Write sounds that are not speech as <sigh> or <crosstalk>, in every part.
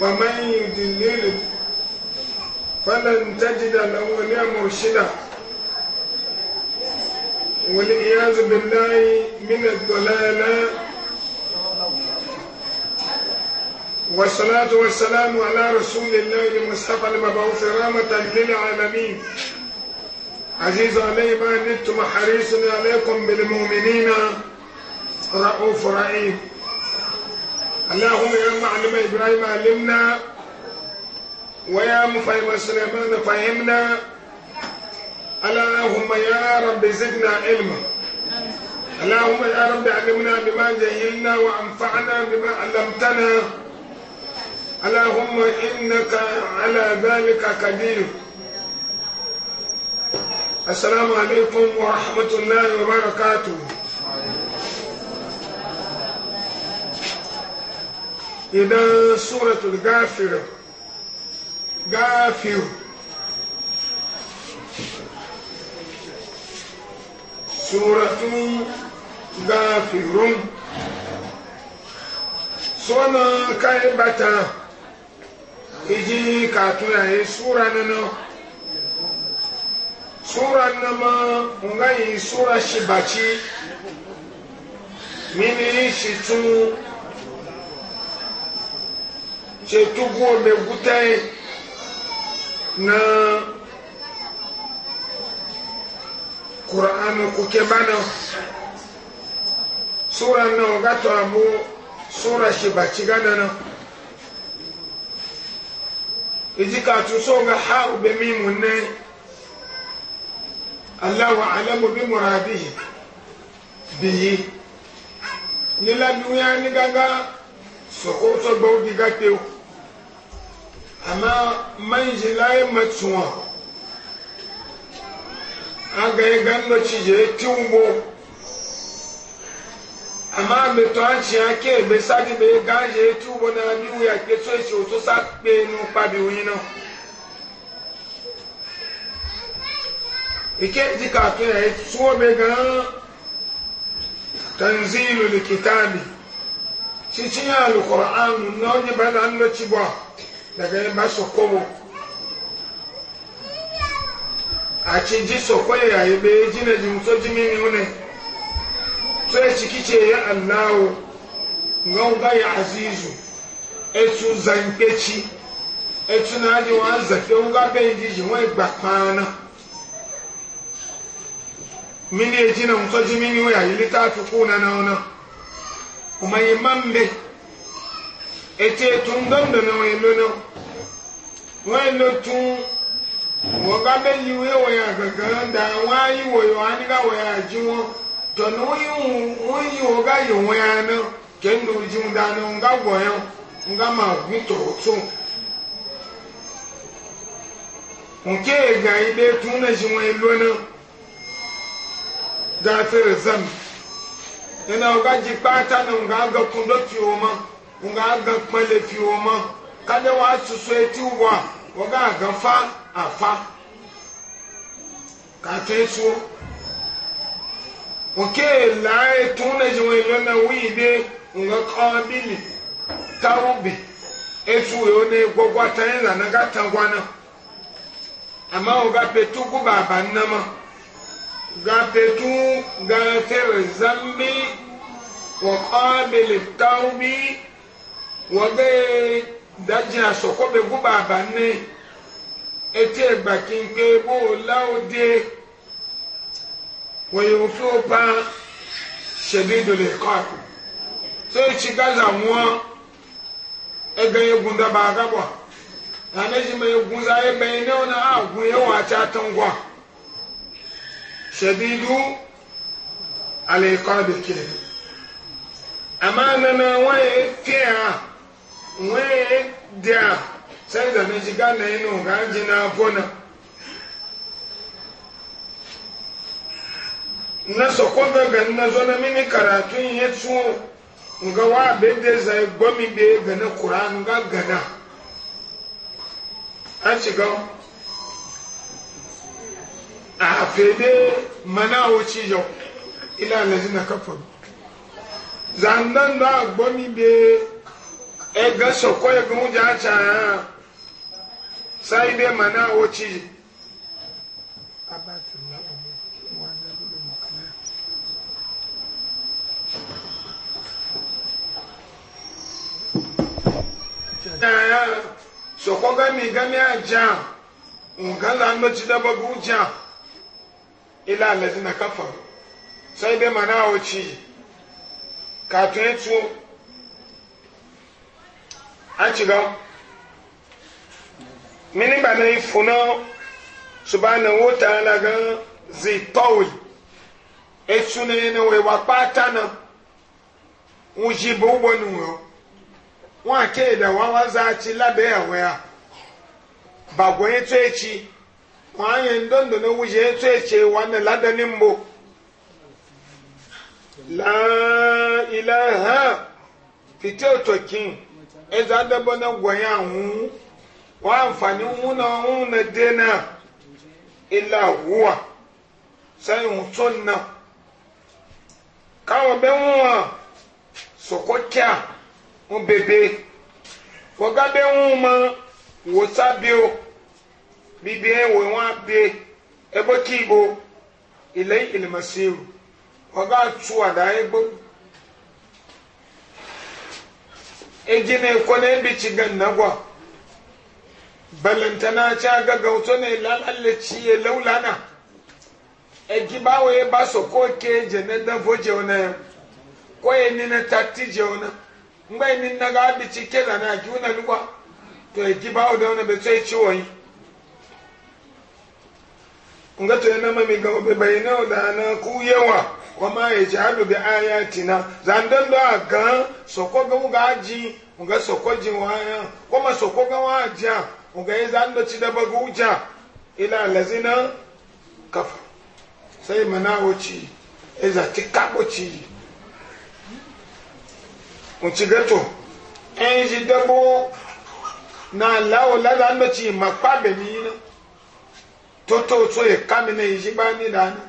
ومن يدلل فلن تجد له وليا مرشدا والعياذ بالله من الضلال والصلاة والسلام على رسول الله المصطفى المبعوث رحمة للعالمين عزيز علي ما نتم حريص عليكم بالمؤمنين رؤوف رحيم اللهم يا معلم إبراهيم علمنا ويا مفهم سليمان فهمنا اللهم يا رب زدنا علما اللهم يا رب علمنا بما جهلنا وانفعنا بما علمتنا اللهم انك على ذلك قدير السلام عليكم ورحمه الله وبركاته idan suratul gafir gafir suratun gafirun sona kai bata iji katuna yi sura nana sura nama ngayi sura shibaci mini shi tun ce tuguwa mai gutai na ƙura'anu kuke bana sura nan gato abu sura shi ba ci gada nan ijika tuso ga ha'u be mimun ne wa alamu bi muradihi biyi nílá ni wọ́n yá ní gágá sọ̀kọ́ tó gbọ́ bí amma manji layi matsuwa an ga yi gando cije tiwubo amma mai meto an ci ake mai sadi mai gaje tiwubo na biyu ya ke so ce oto sa pe nu pabi wuyi na ike ji ka to ya yi tuwo mai gan tanzilu likitabi cikin alkur'an na onye bayan an lo daga yin ba sokobo a ci ji ya yayi be ji na ji mutu ji mini wune to ya ciki ce ya allahu ngan ga ya azizu etu zankeci etu na adi wa zafi wuga be ji ji wani gbapana mini eji na mutu ji mini wune yayi litafi kuna na wuna kuma yi man be ete tun dondo na wọn lona na wọn lo tun wọn bá bẹ yi wọn wọn yà gàgàn da wọn ayi wọn yọ wọn anika ji wọn tọnu wọn yi wọn yi wọn yi wọn yà na kẹndu ji wọn da na ma gun otu nke e ga yi bẹ tun na ji wọn lo na daa na wọn ga ga nga gan kpɛlɛ fi wo ma kade wa soso eti wa wo ga gan fa afa ka to esuo oke laa etun na zi wɔn lɔn na wii de nga kɔɔ bili kawo bi etu yio ne gbɔgbɔ ata yi la na ga ta gwa na ama wo ga petu gu baaba nama ga petu ga tere zambi wa kɔɔ bili kawo bi wɔbɛ dagyina sɔkɔ bɛ gu baaba ne eti egba kinke bo lawo de wɔyɛ ofo paa hyɛde do le kɔɔpo so etsi gaza ŋua ege egun daba agabɔ anagye ma egun za ebɛn ne wɔn a agun yɛ wɔn akyɛ ato ŋgɔ hyɛde do ale kɔɔ de kiri ama nana wɔn yɛ fia. nwee dia sai da miji gana inu ga ji na bona na sokoto ga na zo na mini karatu ihe tsu nga wa be de zai gomi be ga kura qur'an gana a ci a fede mana o yau ila lazina kafaru zandan da gomi be ega sokwa ego ụjọ acha ha sa ibe ma na ochi sokwa gami gami aja nga la nnochi na ga ụjọ ila alazi na kafa sa ibe ma na ochi ka tụọ etuo aciga mini ba na ifuna subhanahu wa ta'ala ga zitawi etuna yana we wa pata na wuji bo bo nu wa ke da wa wa za ci labe ya we a ba go eto echi wa yen ndondo no wuji eto echi wa na lada ni mbo la ilaha fitio tokin eza dabo na gonya hu wa amfani hu na hu na dena ila huwa sai mutum na kawo bɛ ŋu a sɔkɔ kya ŋu bebe wɔga bɛ ŋu ma wosa bio bibi wo ŋu abie ebo kiibo ile ilimasiru wɔga tu ada egbo egi ne na ne bi ci ganna gwa balantana ca ga gauto ne lalalle ci ye laulana egi ba waye ba so ko ke je ne da voje ona ko ye ni na tatti je ona ngba ni na ga bi ke na ki una lugwa to egi ba oda ona be so e ci woyi nga to na ma mi ga be bayina oda na ku yewa wama eji ji alu bi tina zandan da a gan soko ga muga aji muga soko ji waya kuma soko ga wajiya muga yi zan da ci da ila lazina kafa sai mana wuci iza ti kabo ci mun gato en ji dabo na lawo la zan da ci makpa be ni na toto so e kamina yi ji ba ni da ni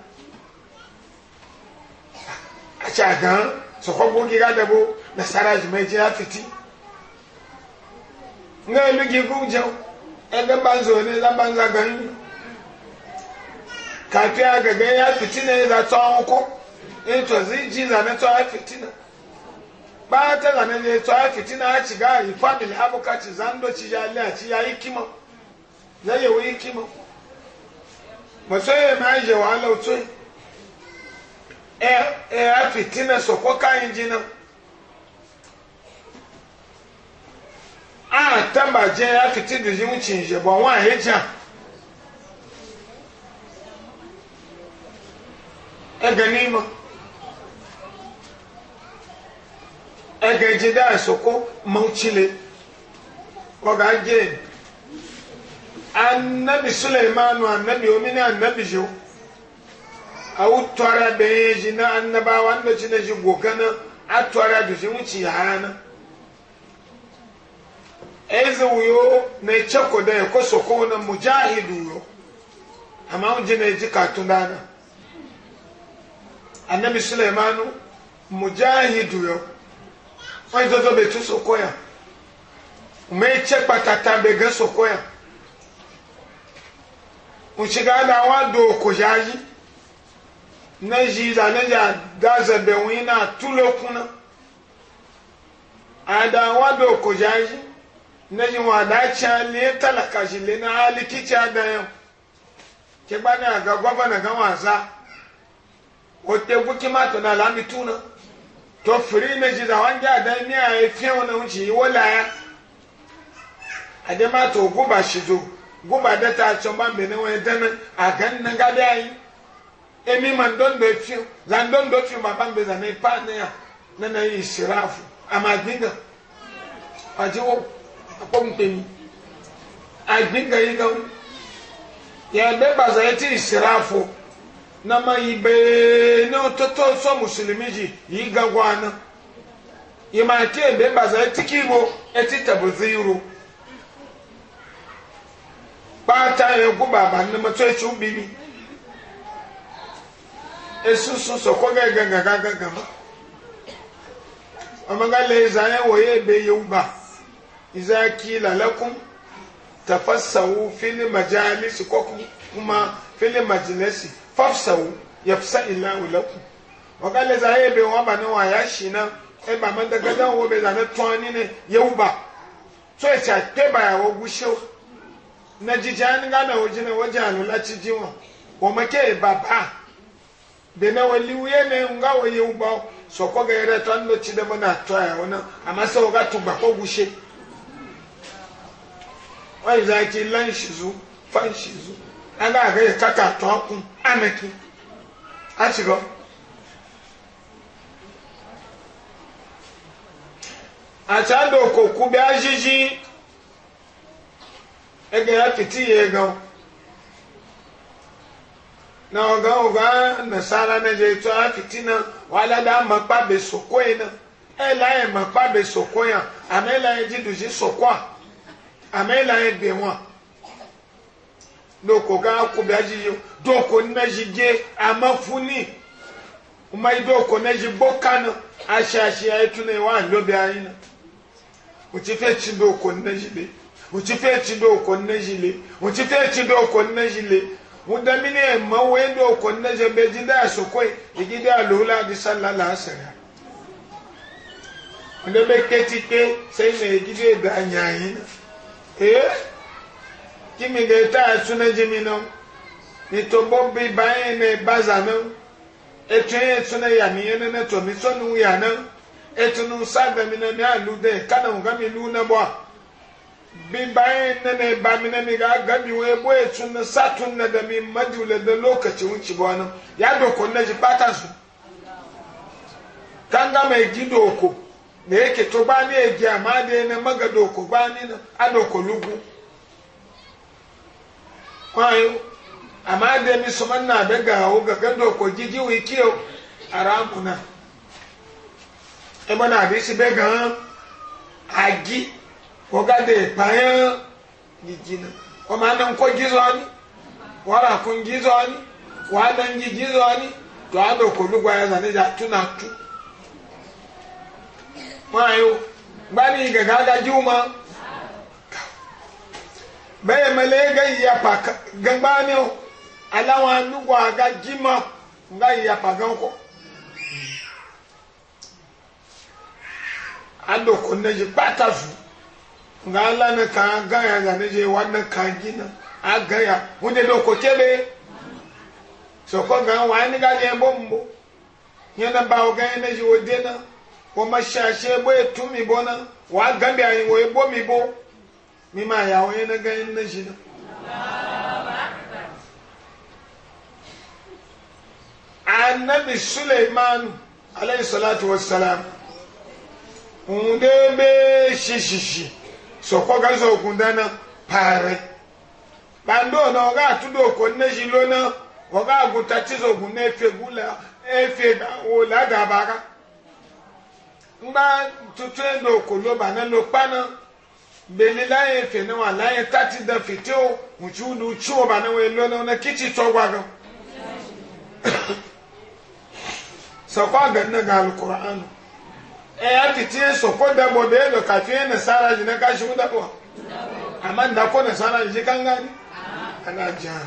acha gan sokɔ gogi ka dabo nasara jumɛn jɛ afiti nga elu gi gu jɛ ɛdɛ banzo ne la banza gan kafe agagɛ ya fiti ne za tɔn ko eto zi ji za ne tɔn afiti na baata za ne ne tɔn fiti na achi ga yi family abuka chi zando chi ya le achi ya ikima zayewo ikima mɔtɔ yɛ mɛ ayɛ wàhálà otɔ yi. ẹ ẹ fitinẹ sọkọ káyìn jìnnà a tamba jẹ ẹ fiti dìjì ń tì jẹ bọ wọn àyè jà ẹgẹ nímọ ẹgẹ jìdá sọkọ mọtìlẹ ọgá jẹ anabi suleimanu anabi omini anabi jẹun. awu twara bɛn zi na annabawa an ci na zi gokana a twara dusi wuci hana ezi wuyo na ice koda ya ko soko na mujahidu yo amma un ji na ji katun dana annabi sulaimanu mujahidu yo wani zozo bai tu soko ya mai ce patata bai soko ya un shiga da wa do ko yayi na ji za na ja da zabe wi na tulo kuna wa do ko jaji na ji wa da cha le talaka ji le na aliki cha da yo ke ba na ga gwagwa na ga wasa o te bu ki ma to na la mi tuna to firi na ji za wan ja da ni a wala ya ma to guba shi zo guba da ta chomba mbene wa dana agan na ga emi ma ndɔ ndo fi la ndɔ ndo fi baba mbe za ne pa ne ya ne na yi sirafu ama gbinga ɔdzi wo akɔ nkpemi agbinga yi gawo Ya bɛ baza yɛ ti sirafu na ma yi bee ne wotɔtɔ sɔ musulumi dzi yi gago ana yi ma ti yɛ bɛ baza yɛ ti kiwo eti tabuzi yiro kpaata yɛ gu baba ne ma tɔ etsi wo bibi. esusu sɔkɔ gɛgɛgɛgɛgɛgɛma ɔmɛga lɛ izayɛ wɔyɛ ebe yewuba izayɛ kiila lɛkum tafasawu fili majalisi kɔkum kuma fili majalisi fasawu yafsa ila wulakum ɔga lɛ izayɛ ebe wɔn aba wɔn aya si na eba mɛdɛgɛdɛ wo be tɔn ni ne yewuba tso etsi ate ba ya gusiwo na dzidzi anigana wo na wo alo la tsi dzi wɔn wɔn mɛ ke e dena wali wuye ne nga waye uba so ko ga yare tan do ci da bana ta ya wana amma so ga tuba ko gushe wai za ki lan shi zu fan shi zu ana ga ya kaka to ku ameki a ti go a ta do ko ku bi ajiji ege ya fiti ye gawo na ọga ọga nasara na je to a fitina wala da makpa be soko ina ela e, e, e makpa be soko ya amela e jidu ji soko a amela e be won doko ga ku bi aji yo doko na ji je amafuni uma i doko na ji boka na asha asha e tu na e wa lo bi ayin na o ti fe chi doko na ji be o ti fe chi doko na ji le o ti fe chi doko na ji le muda mine ma wendo ko na jambe jinda so ko igida lula di sallala asara ndo be keti ke sai me igide ga anyayi eh kimi ga ta suna jimino ni to bombi bae me bazano etwe suna ya mi ne ne to mi sonu ya na etunu sagbe mi na mi alude kana ngami lu na bo bin ba na ne ba mi na mi ga gami wai boye tun na satun na da mi madule da lokaci wuce ba nan ya doko na ji patan su mai doko na yake e to ba ni egi amma da yana maga doko ba ni na a doko lugu kwayo amma da mi su manna da gawo ga ga doko gigi wikiyo a ramuna ebe na e abisi be ga agi woga de nijina gijina wama nan ko gizoni wara kun gizoni wadan gi gizoni to ando ko lugwa ya zane ja tuna tu mayo bani ga gaga juma bẹ́ẹ̀ mẹ́lẹ́gẹ́ ìyapa gangbani o aláwọn anúgbò àga jimá nga ìyapa gan kọ. alòkò nẹ́yìn pátá fún nga ala ne ka gaya za ne je wa ne ka gina a gaya wunde lo ko kebe so ko ga wa ni ga je bombo nyana ba o ga ne je o de na o ma sha she bo e tu mi bona wa ga bi ayi wo e bo mi bo mi ma ya o ne ga ne je na annabi suleiman alayhi salatu wassalam nde be shishishi sɔkɔ galisa okun pare, bando kpando na ɔga atudo ko neji lona ɔga aguta tisa okun efe gula efe wola dabara ngba tutu eno okolo bana lo kpana beli laye efe na wa laye tati da fete o nu tsi bana wo elo na ona kitsi tɔ gbaga sɔkɔ ga alukura ya eh, titin so ko da bo be do kafin na sara ji na kashi mu da ama amma nasara ko na sara ji kan gani ana ja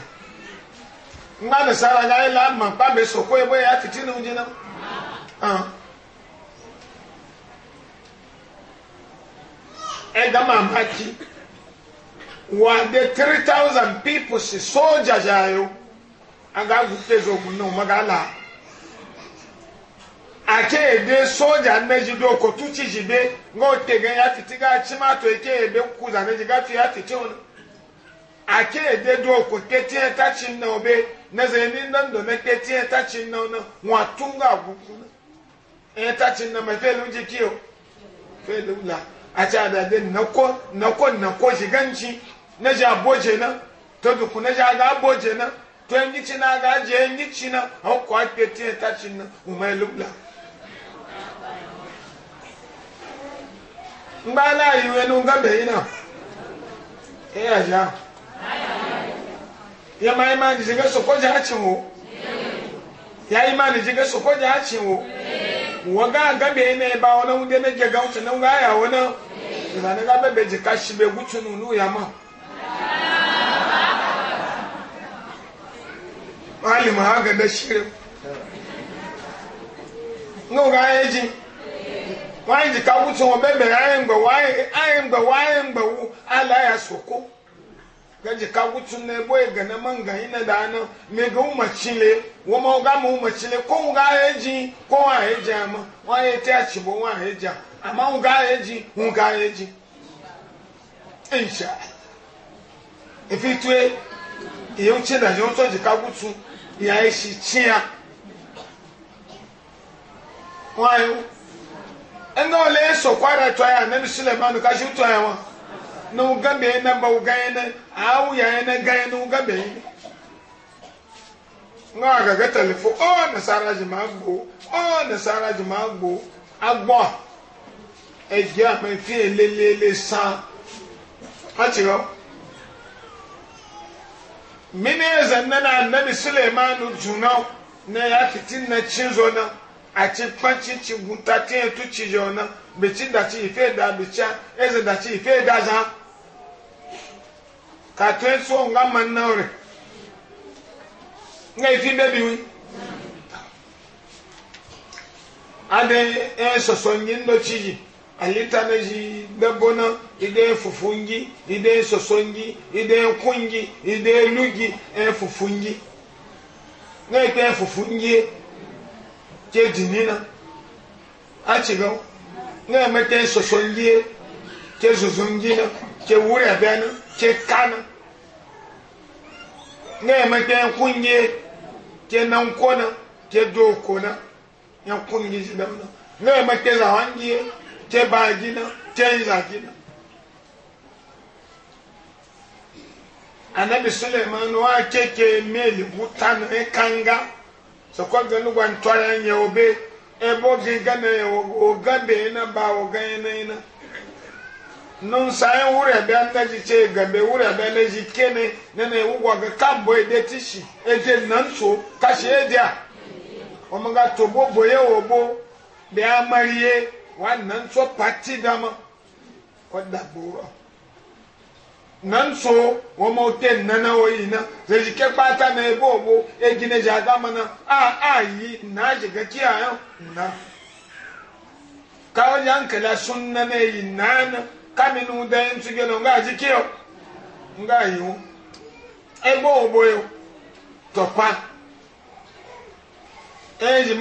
nga na sara ga ila e ma pa be so ko e bo ya titin nu ji na ah e da ma ma ki wa de 3000 people si soja jayo aga gute zo mu ga magala akede soja mmejido kotu chijibe nga otege ya fiti ga chimato ekebe kuza meji ga fi ya fiti ona akede do ko tetie ta chin na obe neze ni ndo me tetie ta chin na ona wa tunga gugu na e ta chin na me felu jikio felu la acha da de nako nako nako jiganchi na ja boje na to du kuna ja ga na to enyi china ga je enyi china ho ko tetie ta chin na umelubla ngba la iwe nu nga be ina e ya ja ya ma ima ni jinga so ko ja chinwo ya ima ni jinga so ko ja chinwo wo ga ga be ina ba wona unde ne ga ga na nga ya wona ina ne ga be be jika shi be gutu nu nu ya ma wali haka da shirin nga ga yaji wáyé nìka wúti wọn bẹ́ẹ̀ bẹ̀rẹ̀ ayé ńgbẹ̀ wáyé ayé ńgbẹ̀ wáyé ńgbẹ̀ wú aláya sòkó gẹ́jì ká ne ní ebó ìgànnà mọ́ ǹgàn yín náà dáná ga ń mọ̀ tsi lé wọ́n mọ̀ ọ́gá mọ̀ ń mọ̀ tsi lé kó ń gá ayé dzi kó ń ayé dzi àmọ́ wọ́n ayé tẹ́ àtsibó wọ́n ayé dzi àmọ́ ń gá ayé dzi ń gá ayé si ɛnna ɔlɛ sɔkwara tɔ ya nani sulemanu kasi tɔ ya wa na wo gan bɛyɛ na ba wo gan yɛ na awo ya yɛ na gan yɛ na wo gan bɛyɛ nga agaga talifo ɔ nasara jima agbo ɔ nasara jima agbo agbɔ ɛdi ama fi elelele san ati hɔ mini ɛzɛ nana nani sulemanu dunu na ya fiti na tsinzo na. ati kpanci ci buta ti yẹn tu ci yọ na dachi ife da bẹtia ẹsẹ dati ife da zan kàtó ẹsọ nga ma nà rẹ nga ifi bẹbi wi adé ẹ e sọsọ nyi ńdọ ci yi alita na yi bẹbọ na ide fufu nyi ide sọsọ nyi ide kun nyi ide lu nyi ẹ e nyi nga ife fufu nyi. ke jinina a cigau nga ma ke sosongie ke zuzungina ke wura bena ke kana nga ma ke kunye ke nankona ke dokona ya kunye jidamna nga ma ke zawangie ke bagina ke izagina anabi suleiman wa keke meli butano ekanga kanga sokwa gani gwa ntwara nye obe ebo gi gana ya oga be na ba oga na ina nun sai wure be anda ji che gabe wure be na ji kene na na ugwa ga kambo ede tishi ede nanso kashi ede a omaga tobo boye obo be amariye wa nanso pati dama kwa dabura nan so wo mo te na ze ji na ebo obo e ji ne ja a a yi na ji ga ti na ka o yan kala sunna na na ka mi nu da en suge no ji ke o nga yi o ebo obo yo to pa e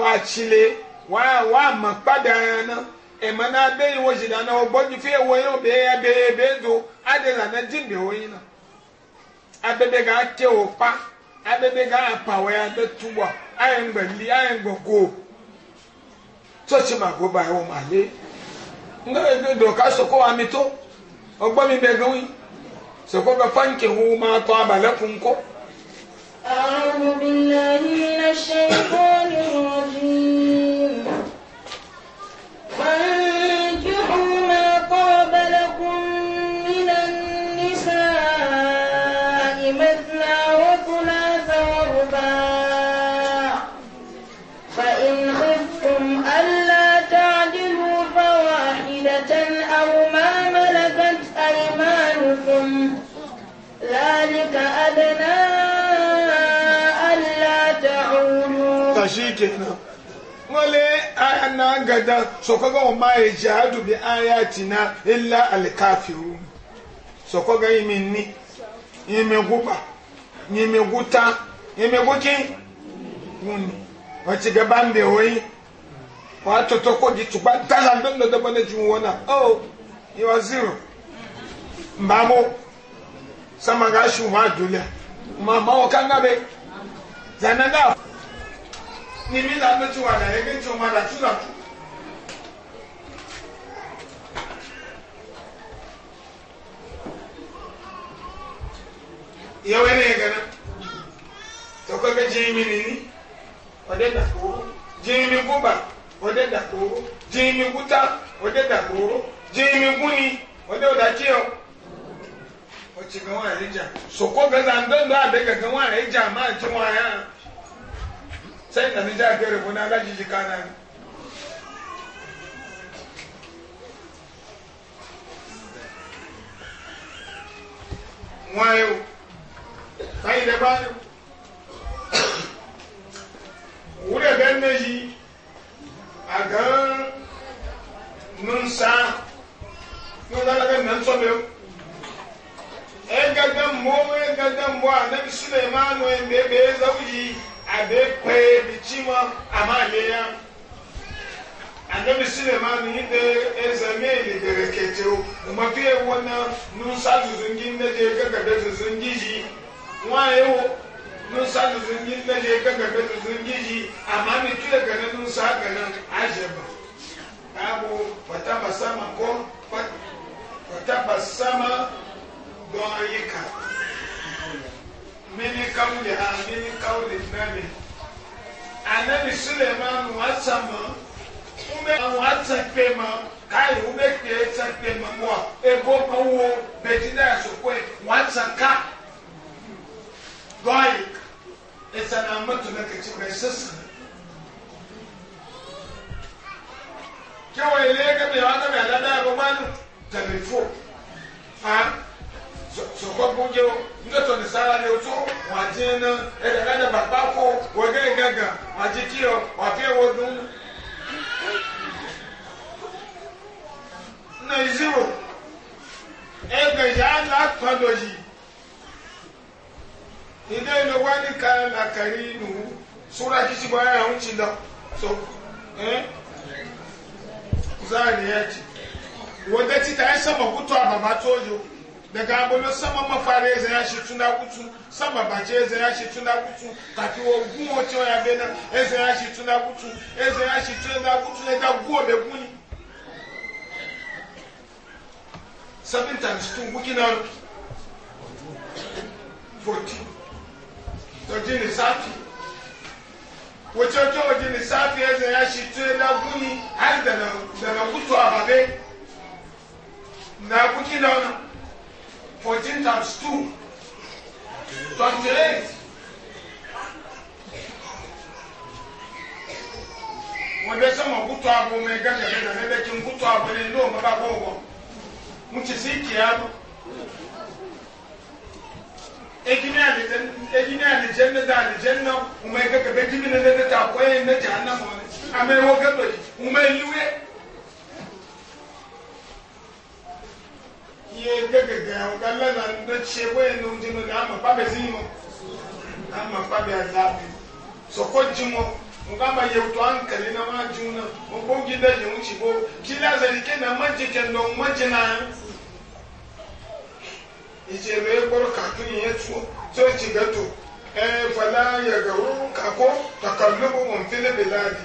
wa chile wa wa ma na ema na abe yi wo zina na ɔbɔ nyi fi ewo yi o be ya be be do adi la na di mi wo yi na abebe ga ake wo pa abebe ga apa wo ya be tu wa ayi ŋgbɛ li ayi ŋgbɛ go tsɔtsi ma go ba wo ma le nga ebi do ka soko wa mi to ɔgbɔ mi bɛ gawi soko bɛ panke wu ma tɔ abalɛ kun ko. أعوذ بالله من الشيطان ذلك أدنى ألا تعولوا فشيكنا wale ayan nan gada so ko ga ma ya jihadu bi ayatina illa al kafirun so ko ga yimi ni guba wato to ko tuba dalan don da bane jin oh you are sama ga shi ma dole ma ma o kan gabe zanan ga ni mi da mutu wa da yake e to ma da tuza yau ne ga nan to ko ga jimi ni ni ode da ko jimi guba ode da ko jimi guta ode da ko jimi guni ode da kiyo wacce ga wani rija so ko ga zandon ma ci waya sai da ni ja ga rubu na gaji ji kana wayo sai da ba wuri ga ne yi a ga mun sa mun da ga nan so biyu egaga mmọnwụ egaga mmụ anabi sulemanu mgbe ebe eze uyi abe kwe bichima amanye ya anabi sulemanu ide eze meli dere ketewo mafi ewo na nusa azụzụ ndị nne ji egagabe azụzụ ndị ji nwanyị wo nusa azụzụ ndị nne ji egagabe azụzụ ndị ji amami tụ egana nusa agana ajeba ka abụ fatabasama ko sama. ضعيكا من قولها من قول النبي anabi suleiman wasama ume àwọn atakpe ma káyì ume kpe etakpe ma mọ ebo ma wo bẹtina asokwe wataka gọyì ẹsẹ̀nà mọ́tò náà kẹ̀kẹ́ bẹ́ẹ̀ sẹ́sẹ̀. kí wọ́n ilé ẹgbẹ́ mi àwọn akẹ́kẹ́ àdáadáa ẹ̀rọ máa ń tẹ̀lé fò sọ̀kọ́ gbóúnjẹ o nígbàtọ̀ ní sára ni o tó wà dín iná ẹ̀dá lẹ́dẹ̀ bàbá kó wọ́gẹ́ ìgangan wà jí kí ọ wà fi ẹ̀wọ̀ dùn. nà ìzírò ẹgbẹ̀ yà á lápàdọ̀ yìí ilé ìlú wa ní ká làkàrí nù sóra kìsì bá yà ń ti lọ so kùsà eh? ni ẹ ti wọ́n dẹ́ títà ẹ sọ̀mọ̀ kútó àbàbà tó yọ daga abolo sama mafari eze ya shi tunda kutu sama bace eze ya shi tunda kutu tafi ogun oce ya bena eze ya shi tunda kutu eze ya shi tunda kutu eza guo be guni seven times two wiki na forty toji ni safi wace ojo waje ni safi eze ya shi tunda guni har da na kutu ababe na kuki na wani 14 times 2, 28. wòle sọmọ kutu abo mẹ gánà bẹ nà mẹbẹ tí nkutu abo lé ndó mẹ bá bọ wọ ŋutsu si kia do edini alidze edini alidze ne da alidze na wòme gẹgẹ bẹ dimi ne ne ta kọẹ ne dza anamọ ne amewo gẹgẹ wòme liwe. iye gẹ́gẹ̀gẹ́ àwọn galẹ́la ló ṣe wẹ́ẹ̀ ní oúnjẹ náà àmọ̀ pábẹ́ sí yìí mọ́ àmọ̀ pábẹ́ àlábì sọ̀kọ́ jí mọ́ mo ká máa yẹ tó à ń kẹ̀lé náà máa jí náà mo kó ń jí lẹ́yìn òun ṣì bó kí lásán ní kéèyàn má jẹ jẹ ǹdọ̀ má jẹ náà ìṣèlú ẹgbọ́rọ̀ kàkiri yẹn tó tó ti gẹ́tò ẹ fọlá yẹgẹ̀rú kàkó kàkàlóbó mọ̀ nfẹ́lẹ́bẹ̀ láàdì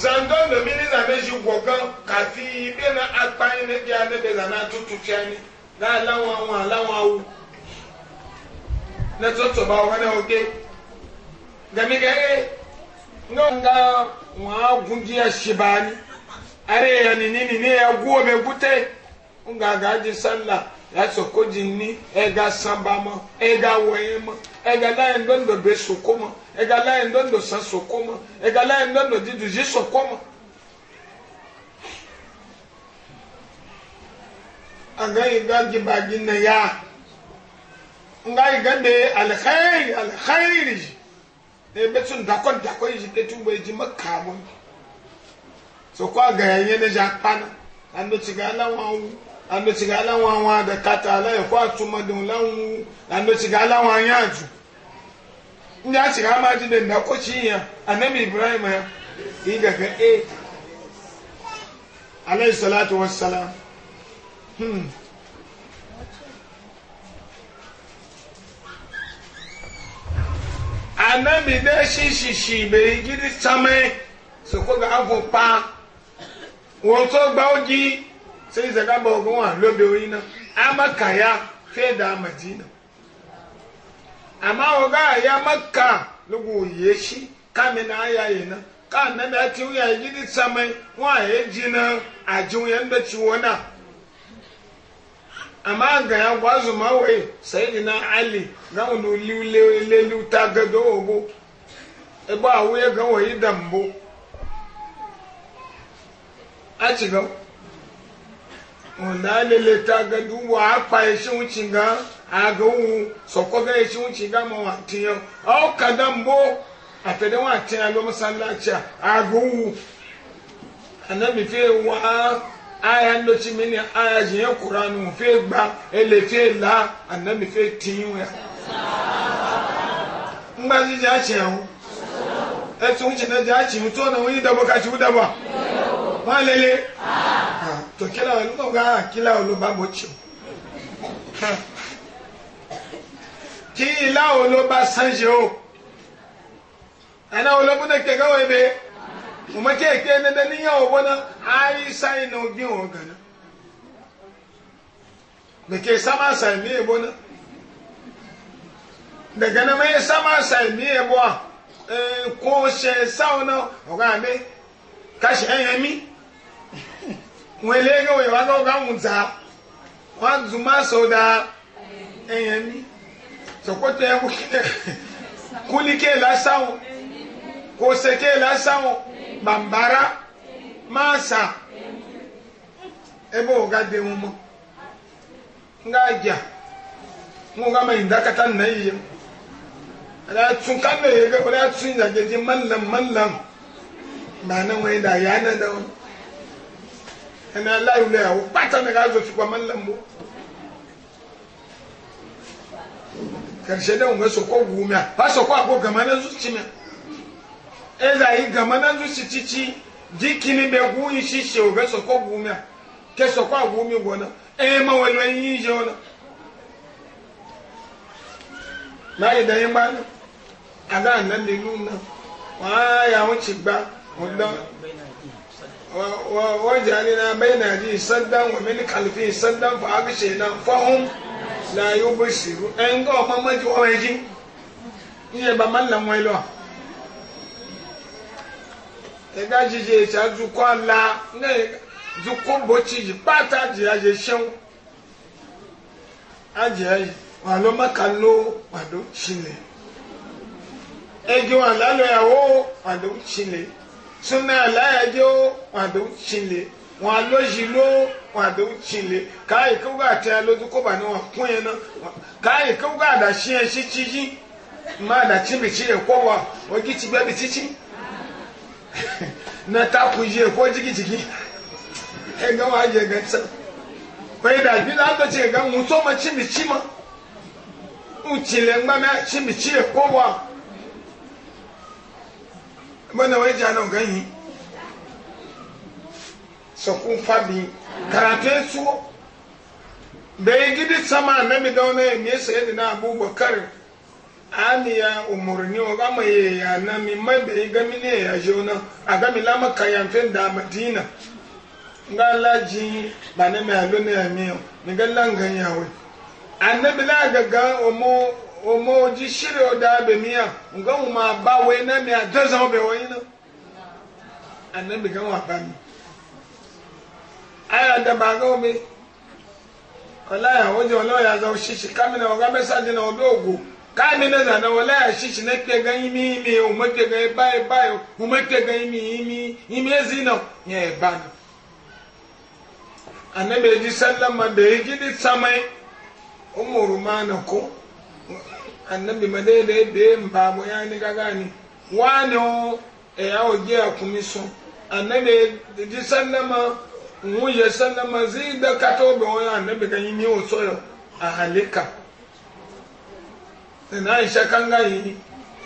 zandon da zabe zi meji gwogon kafi ibe na akpa akpani na biya na bela na tutu kyani na alawa wa alawa wu na toto ba wa na oke da mi ga e no nga wa gunji ya shibani are ya ni ni ni ya guo be gute nga ga ji sallah yasoko ni ega sambama ega woyema ega laye ndondo be sokoma ega laye ndondo sa sokoma ega laye ndondo didu ji sokoma anga iga jibagi na ya nga iga de alkhairi alkhairi ebe e tun ndakọ iji ji tetu be ji makamo sokwa ga yanye ne japana ando chigala wawu andotsiga aláwọn àwọn adẹkata aláyẹkọ atumadun láwọn andotsiga aláwọn anyáàjù ndé atsiga amadide ndakọtsi yẹn anabi ibrahim yẹn yìí gẹgẹ e alayhi salatu wa salam hmm. anabi dẹ ṣiṣiṣi bẹẹ gidi samẹ sọkọ gà áfọ pa wọn tó gbà ó di sai zaga ba ogun wa lobe oyin na amaka ya fe da madina amma oga ya makka lugu yeshi kami na aya yi na ka na da ti uya yi di samai wa ya ji na ajin yan da ci wona amma ga ya gwazu mawai sayyidina ali na wani liule lelu ta gado ogo ebe awu ya ga wayi dambo a ci gaba na leleta gadu wa akpa esi ŋutsi aga agawu sɔkɔ gã esi ŋutsi gã ma wa tiɲɛ awo kada mbo apɛdɛ wa tiɲɛ alɔmusalatsia agawu anabi fi wa aya ŋdɔtsi mi aya ziɛ fi gba ele fi la anabi fi tiɲɛ ya ŋgbazidza tiɲɛ o etu ŋutsi na dza tiɲɛ tó na yi dabɔ wa lele to kila wa kila wa luba kila wa luba sanje o ana wa luba na kega webe ebe mo ke ke na ni ya wa na ai sai no bi wa ga na me ke sama sai mi e bona daga na me sama sai mi e bo a ko se sauna o ga me ka se en mi wele ege we wa n'oge anwụza wa zuma soda enye mi sokoto ewe <laughs> kulike la sawo koseke la sawo bambara masa ebe oga de mmo nga ja nwa oga mai nda kata nna iye ala tu ka me ga ko la tu nda ge di mallam mallam ba na wai da ya na ẹni aláìwò lẹ́yìn àwọn pátá ní ká zọ fi pamọ́ ńlá mbọ́. kẹrìṣẹ́ dẹ́ wọn bẹ sọkọ wù mí à bá sọkọ àpò gàmá náà zú tì mí à ẹ̀dá yìí gàmá náà zú tì títí dí kíni bẹ wú yìí ṣiṣẹ́ wọn bẹ sọkọ wù mí à kẹ sọkọ àwù mi wọ̀ náà ẹ̀yẹ máa wọ̀ lọ́yìn yìí yẹ wọn náà. láyé dẹ́yìn bá náà àdáhàn náà lè lù náà wọ́n á yà wọ́n ti gbá wọ́n dán. وجعلنا بين هذه سدا ومن خلفه سدا فأغشينا فهم لا يبصرون ẹnkọ́ ọmọọmọ ju ọmọ ẹjí ní ẹgbà máa ń lọ lọ ẹgbà jíjẹ ìṣá dukọ la ní dukọ bọ́tì yìí pátá jìyà jẹ ṣẹ́wọ́n wà ló mọ́ka ló wà súnmẹ́ aláyàjẹ́ ó wọn àbẹ̀ ó tsinle wọn alóyè ló wọn àbẹ̀ ó tsinle káyì kí wọ́n àti alójú kó bà ní wọn kún yẹn náà káyì kí wọ́n àdá sí yẹn sí títí má dà tìbí tí yẹn kọ́ wa wọ́n jí ti gbẹ́bi títí <laughs> na takò yìí yẹn kọ́ jìgìjìgì ẹ̀ gán yẹ gán tẹ́ pẹ̀lú dàbí látọ̀ tí yẹn gán mú sọ́mọ tìbí tí ma ń tìlẹ̀ ńgbàmẹ́ tìbí tí yẹn kọ́ wa mana wani jana ganyi su kun fabi karatun su bai gidi sama na mi dauna ya mi sayi da na abubakar aniya umarni wa gama ya ya na mi mai bai gami ne ya je wani a gami lama kayanfin da madina nga laji ba na mai halu na ya miyan mi ga langan yawon annabi la gaga omo omo ji shiri oda be miya nga mu ma ba we na mi adazan be we na annabi kan wa ba mi aya da ba ga omi kala ya woje wala ya za shishi kamina oga message na obi ogo kamina za na wala ya shishi na ke ga imi imi o ma ke ga e bai bai o ma ke ga imi imi imi ezina ya e ba na annabi ji sallama da yigidi e samai umuru ma na ko annabi madaidai da yin babu ya ni gaga ni wani o e ya oge a kumi so annabi ji sallama nwunye sallama zai da kata obe wani annabi ka yi ni o soyo a halika na ishe kan gayi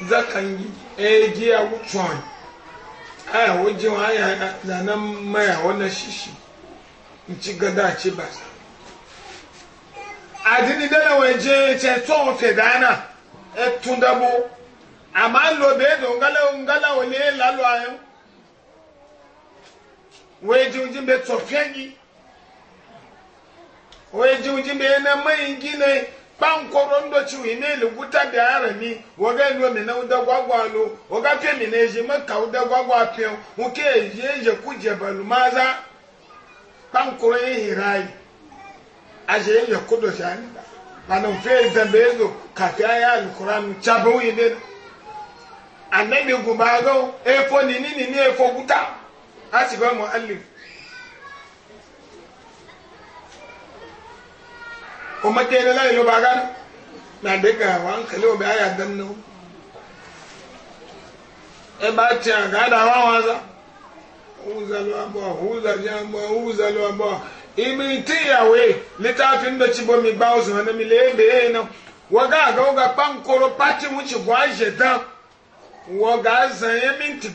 zakan yi egi a wucon aya wajen aya zanen maya wani shishi in ci gada ci ba adini dana waje ce tsohon fedana etundabo ama lo bezo ngala ngala wole lalo ayo weji unji be tsofengi weji unji be na mai gine bankoro ndo chi winele guta da ara woga lo mi na uda gwagwa lo woga pe mi na eje maka uda gwagwa pe nke eje eje kuje balumaza a ehirai aje ye kudo anyi ba manufee zambezo kafi aya alukurani chabu yide anani gubago efo nini nini efo guta ati ba muallif o matene la yo bagan na daga wan kale o ba ya danno e ba ti aga da wa waza uza lo abo uza jambo uza lo imi tiyawe littafin da ci bomi ba su wani milebe ya waga ga waga pankoro pati wuce gwaje dan waga zanye minti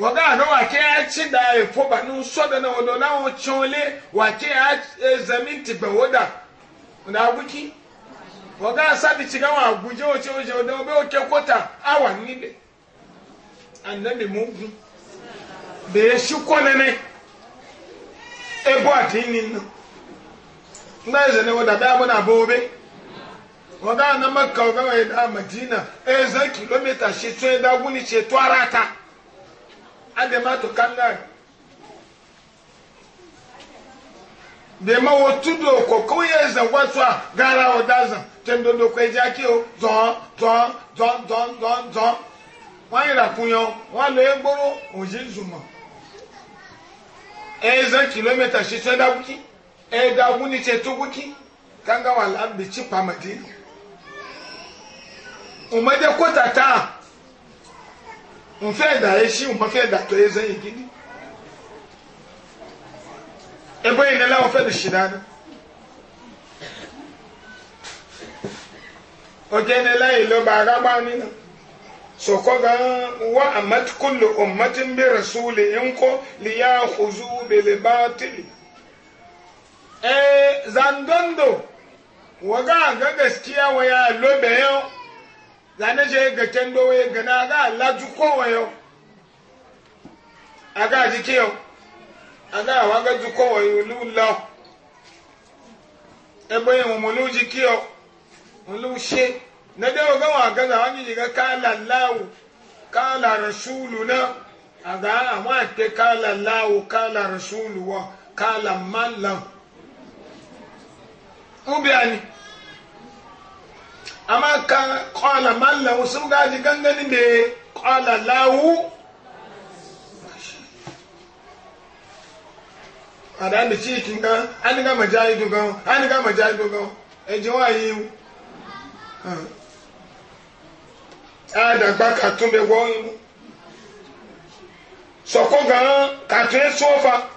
waga na wake ya ci da ya ba nun so na wado na wacce wake ya zanye minti ba na abuki waga sabi ci gawa guje wace wace wadda wabe wake kota awa ni be annabi mugu da ya shi ebo atini no na eze ne woda da bo na bo be woda na makka woga wa da madina eze kilomita shi tun da guni she to arata ade ma to kanna de ma wo tudo ko ko ye eze watu a gara woda zan tendo do ko eja o don don don don don don wọn na rà kúnyọ wọn lè gbóró òjì ezan kilomita shi ta da wuki e da wuni ce tu wuki kan ga wala bi ci pamati umade kota ta nfe da e shi umma fe da to ezan yi gidi e boy ne lawo fe da shi da o je ne lai lo ba ga ba ni na so ko ga wa amat kullu ummatin bi rasulin ko li ya'khuzu bil batil eh zandondo wa ga ga gaskiya waya lobe yo zane je ga kendo we ga na ga laju ko wayo aga jikiyo aga waga ju ko wayo lullah ebe mo mulu jikiyo mulu she na dai ga wa ga za ni ga kala lawo kala rasuluna aga amma te kala lawo kala rasulu wa kala mallam ubi ani amma ka kala mallam sun ga ji ganganin da kala lawo ada da ci kin ga an ga majahidu ga an ga majahidu ga e jiwa yi adagba katun bɛ wɔ yin sɔkò gan katun yɛ fa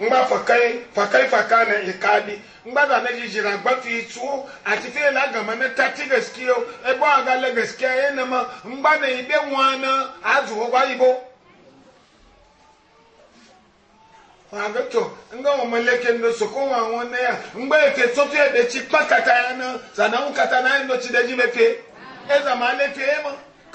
ŋgbà fakayi fakai fakai na ikaadi ŋgbà da ne yiyira gba fi tuwo àti fi la gama ne tati gaskiya o ebɔ aga lɛ gaskiya yɛ nama ŋgbà na yi bɛ wɔn na azuwo wa yibo. agato nga omeleke ndo soko wa wona ya mgbe eke sotu ebe chi pakata ya na sana ukata na ndo chi deji mepe eza ma lepe ema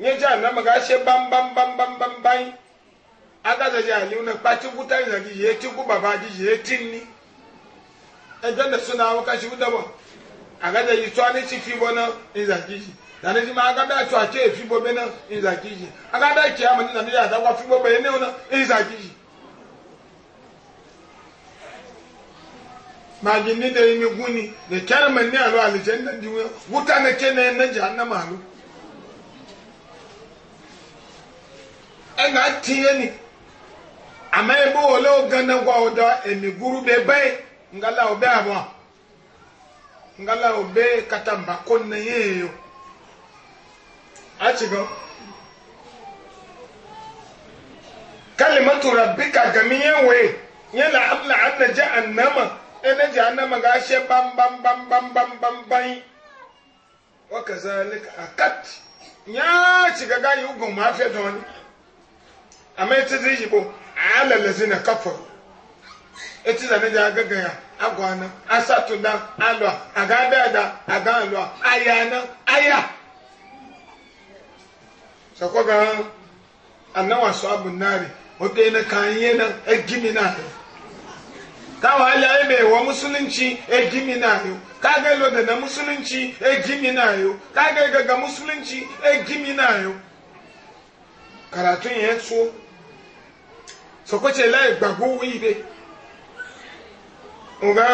nye jahannama ga she bam bam bam bam bam bam aga da jahannama na kpati guta ina gi ye ti guba ba gi ye tin ni e da na suna wa kashi guda ba aga da yi to ani ti fi bona in za gi ji da ne ma aga da to a fi bo be na in za gi aga da ki ama ni na ni ya wa fi bo be ne ona in za gi ji ma gi ni da yi mi guni da kyar man ni alo alijanna ji wuta na ke ne na jahannama alo ɛna atiɛ ni ama ebe wòle wo gana wa wo dɔ emi guru be bɛ ngala wo be abɔ ngala wo be katamba ko ne ye yo ati gɔ kalimatu rabbi ka gami ye we nye la abla ana je anama ene je anama ga se bam bam bam bam bam bam bam wa kazalika akat nyaa ti gaga yi ugun ma fɛ dɔɔni amma ita zai yi bo a lalazi na kafa ita na da gagaya agwana asatuna alwa agabada agalwa ayana aya sako ga annawa sabu nari wato yana kanye nan e gimi na yau ta wahala ebe wa musulunci e gimi na yau ka ga lo da na musulunci e gimi na yau ka ga ga musulunci e gimi na yau karatun ya so sokoce lai gbagbo wibe nga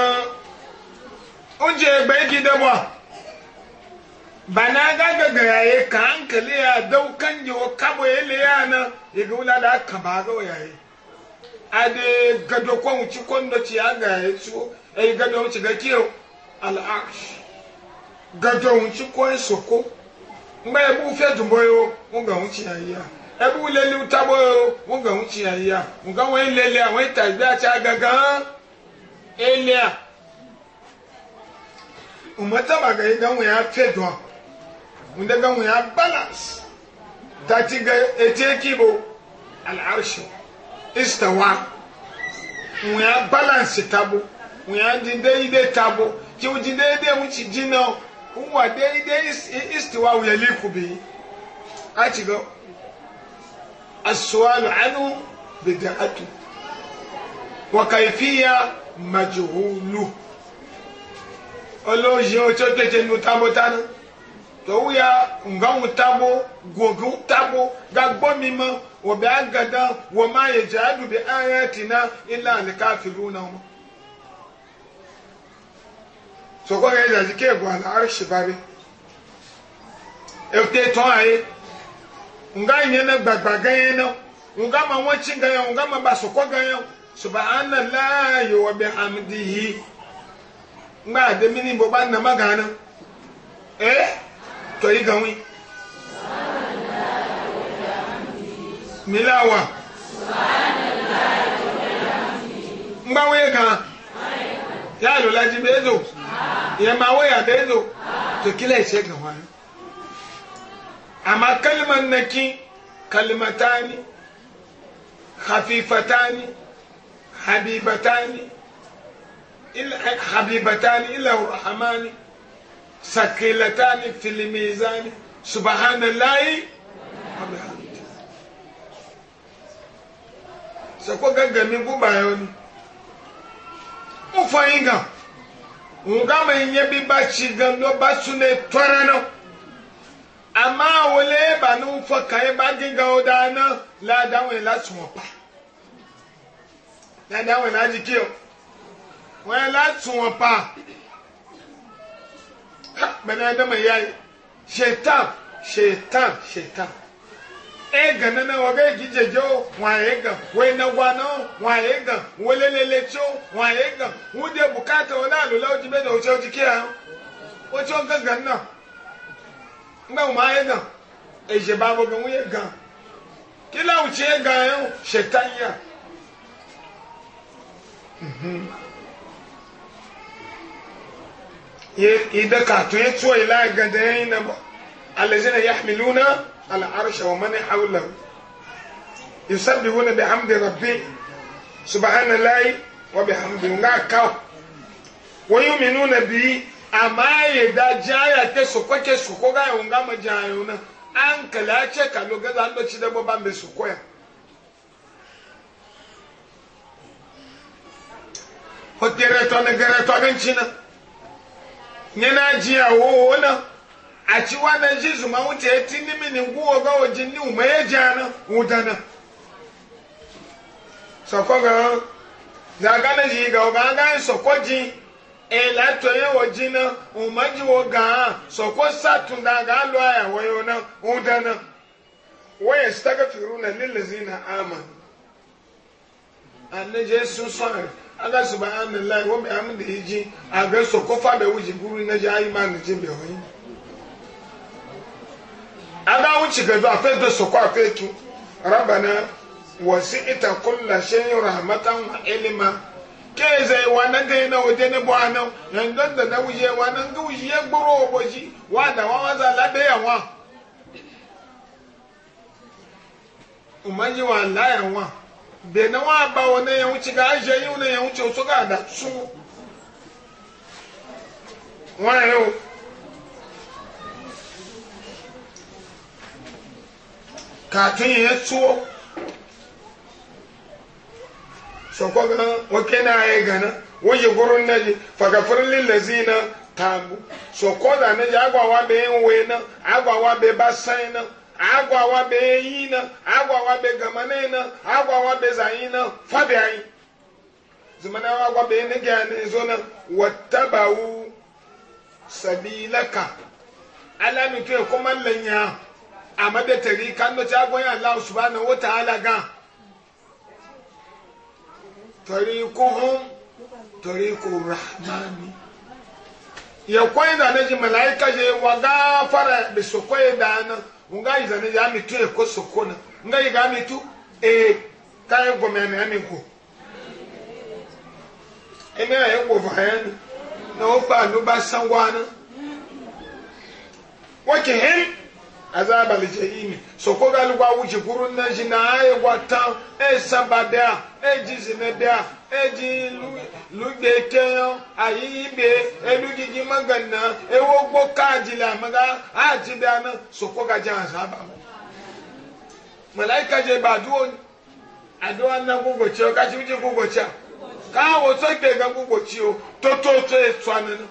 oúnjẹ ẹgbẹ́ igi dẹ́bọ̀ bana agagbẹgbẹ yaye kankele ya dau kanje wo kabo ele ya na igi wula da kabaga o yaye ade gado ko wuci ko ndo ci aga yaye tuwo eyi gado wuci ga kiyo al'arsh gado wuci ko soko ngba ebu fe dumbo yo nga wuci yaye ya ebi wo lele utabo yo wo nga ŋutsi ya ya wo nga wo lelea wo ta gbe atsa gangan elea umata ba ga yi ga wo ya fe dɔn wo de ga wo ya balance dati ga etie kibo alaarisi istawa wo ya balance tabo wo ya di deide tabo ti wo di deide ŋutsi di na wo wa deide istiwa wo ya liku bi ati ga. السؤال عنه بدعته وكيفية مجهوله olóòṣì ọjọ́ tètè nu tábó táná tòun ya ngáhùn tábó gògùn tábó gagbó mímọ́ òbí àgàdá wọ́n máa yẹ jẹ́ àdùbí ayé tìǹà ilé àlìká fìlú náà mọ́. sọkọ́ yẹn yàtí kéèkù àlà àrùsì bá rí ètò ìtàn ayé nga nyene gbagba ganyen na nga ma wancin ganyen nga ma ba sokwa ganyen subhanallahi wa bihamdihi nga de mini bo ba na magana eh to yi ganwi milawa ngba we gan ya lo laji bezo ye ma we ya bezo to kile ise e gan wa amma kalman naki kalmatani khafifatani habibatani habibatani ila rahmani sakilatani fil mizani subhanallahi sako gaggami gubayo ni mo fọ yín gan nǹkan mọ̀ ẹ̀yẹ́ bí bá ṣì gan ló bá tún lè tọ́ra náà àmọ́ àwọn olóyèbà ló ń fọkàn yín bá gígan ó dáná ládàáwọn yìí láti wọ̀n pa ládàáwọn yìí láti kí o wọ́n yẹn láti wọ̀n pa bẹ̀rẹ̀ ẹ̀dọ́mọ̀ ìyá yìí ṣètàn ṣètàn ṣètàn ẹ gànà náà wọ́n bẹ́ẹ̀ jíjẹ jẹ́ o wọ́n àyè gàn wọ́n iná wa náà wọ́n àyè gàn wọ́n lélele tí o wọ́n àyè gàn wọ́n dé bùkátà wọn náà lọ́wọ́ ńgbà wọn máa yẹ gan èyí bá gbogbo wọn yẹ gan kí láwùjọ tiẹ gan ẹ ń ṣètá yíyà. idan kato ya tuwa ila ga da yayi na ba allazina yahmiluna al'arsha wa man hawlahu yusabbihuna bihamdi rabbi subhanallahi wa bihamdihi ga ka wa yu'minuna bi amma ya da jaya te soko ke soko ga yau ga majayo na an kala ce ka lo ga zan doci da babban be soko ya hotere to ne gare to ben china ne na ji a wo na. a ci wa na ji zuma wuce tin ni min nguwo ga wajin ni umma ya jana udana soko ga zaga na ji ga ga soko ji Elato tonye wo jina o maji wo ga so ko satun da ga lo aya wo yo na udana wo yastaghfiruna lil ladzina amanu annaje sun san ala subhanallahi wa bihamdihi ji aga so ko fa be wuji guru na ja iman ji be hoyi aga wuci ga do afa do so ko afa tu rabbana wasi'ta kulli shay'in rahmatan wa ilma keze wana dena wajene bwana nganda na uye wana ngu uye gboro boji wana wawaza lade ya wa umanyi wa la ya wa bena wa ba wona ya uchi ga aje yi wona ya uchi osoga da su wa yo ka tin ye tuo soko ga wa gana wo ye na ji faga furin lazina tabu soko da na ji agwa wa be na agwa wa be basai na agwa wa be yi na agwa wa be na agwa wa be zayi na fabi zumana wa agwa be ne ne zo na wattabawu sabilaka alami to ko man lanya amma da tari kan no ta ya Allah subhanahu wa ta'ala ga tarikuhum tariku rahmani ya kwai da naji malaika je wa gafara bi su kwai da nan mun ga iza ne ya mi tu e ko su ko na nga yi ga mi tu e kai go me me mi ko na o ba no ba azabal jahimi sokogal lugwa wuce gurun na ji na aye gwa tan e saba da e, e ji zine da e ji lugbe keyan ayi ibe e lugigi magana e wo gbo kaji la maga a ti da na sokoga ji azaba mo malaika je ba duwo aduwa na gugoci o kashi wuce gugoci ka wo so gbe ga gugoci o to to to e tsanana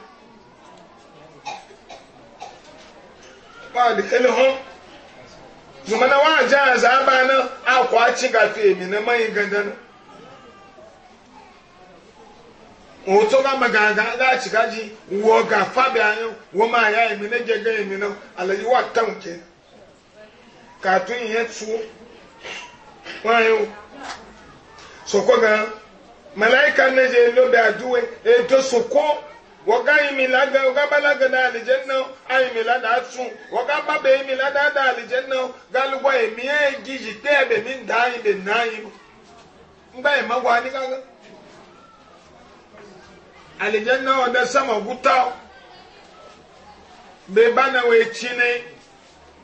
wa alikali hɔ zuma na waa gya azaaba na akɔ akyi gafe emi na mayi gada na gaa gama gàgà gàchi gàchi wò gà fàbí anyi wò ma ya emi na gye gà emi na alayi wà tàn kye kàtó yìnyɛ tuo wáyé wo sokɔ gà malaika ne gye lobe aduwe ètò e sokɔ. woga imila ga woga balaga da alijanna a imila da su woga baba imila da da alijanna galugwa emiye giji tebe min da ayi be na ayi ngba e magwa ni kaga alijanna o da sama guta be bana we chine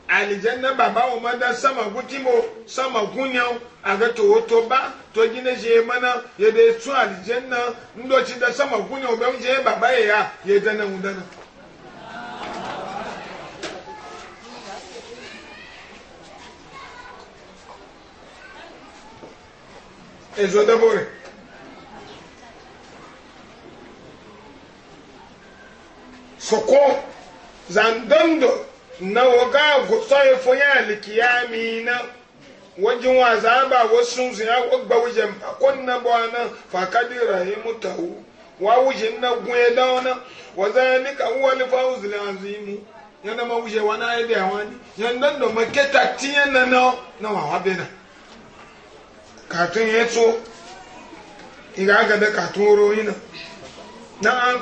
alijanna baba ma da sama gutimo sama gunyan aga to woto ba to gine je mana ya da tsu aljanna ndo ci da sama kunya obe je baba ya ya da nan undana ezo da bore soko zandando na waga gutsaye fo ya likiyami na wajen wasa ba wasu su ya gbagba wujen bakon na bwana fakadi rahimu tahu wa wujen na gwe dauna wa zalika huwa al-fawz al-azim yana ma wuje wana ya da wani yandan da maketa tiyan na na na wa wabena katun yato iga ga da katun royina na an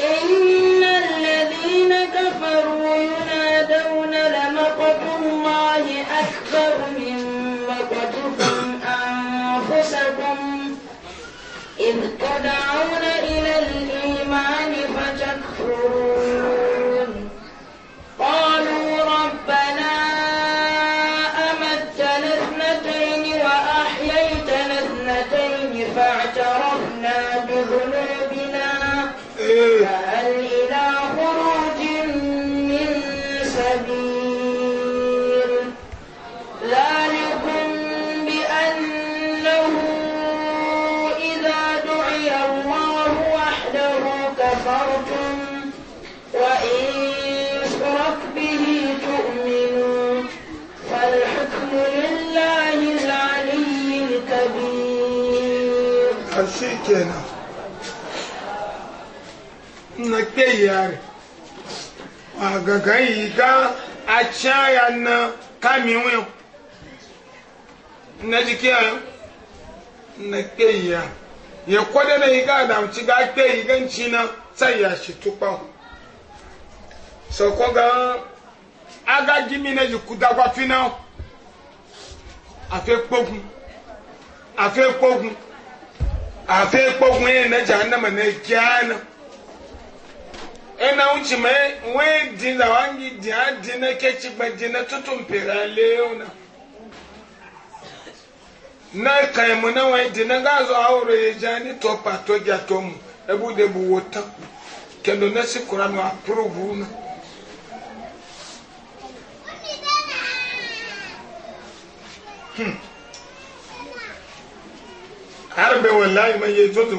إن الذين كفروا ينادون لمقت الله أكبر من مقتكم أنفسكم إذ تدعون إلى الإيمان shi kenan na ke yare a gagan na kami na jike na ke ya ya na yi ga damci ga ke yi tsaya shi tukpa sauko aga gimi na jiku dagwa fina a fe kpogun a fe kpogun afe kpɔkun ye ne jahannama ne kiana ena ŋutsu me ŋue di la wa ŋi di a di ne ketsi gbe di ne tutu mpera leewo na ne kanyemu ne wɔn di ne gazɔ aworo ye dza ne tɔ pa tɔ dza tɔ mu ebu de bu wo tan kendo ne si kura no apuruvu na. Hmm har bai wallahi man yi tutu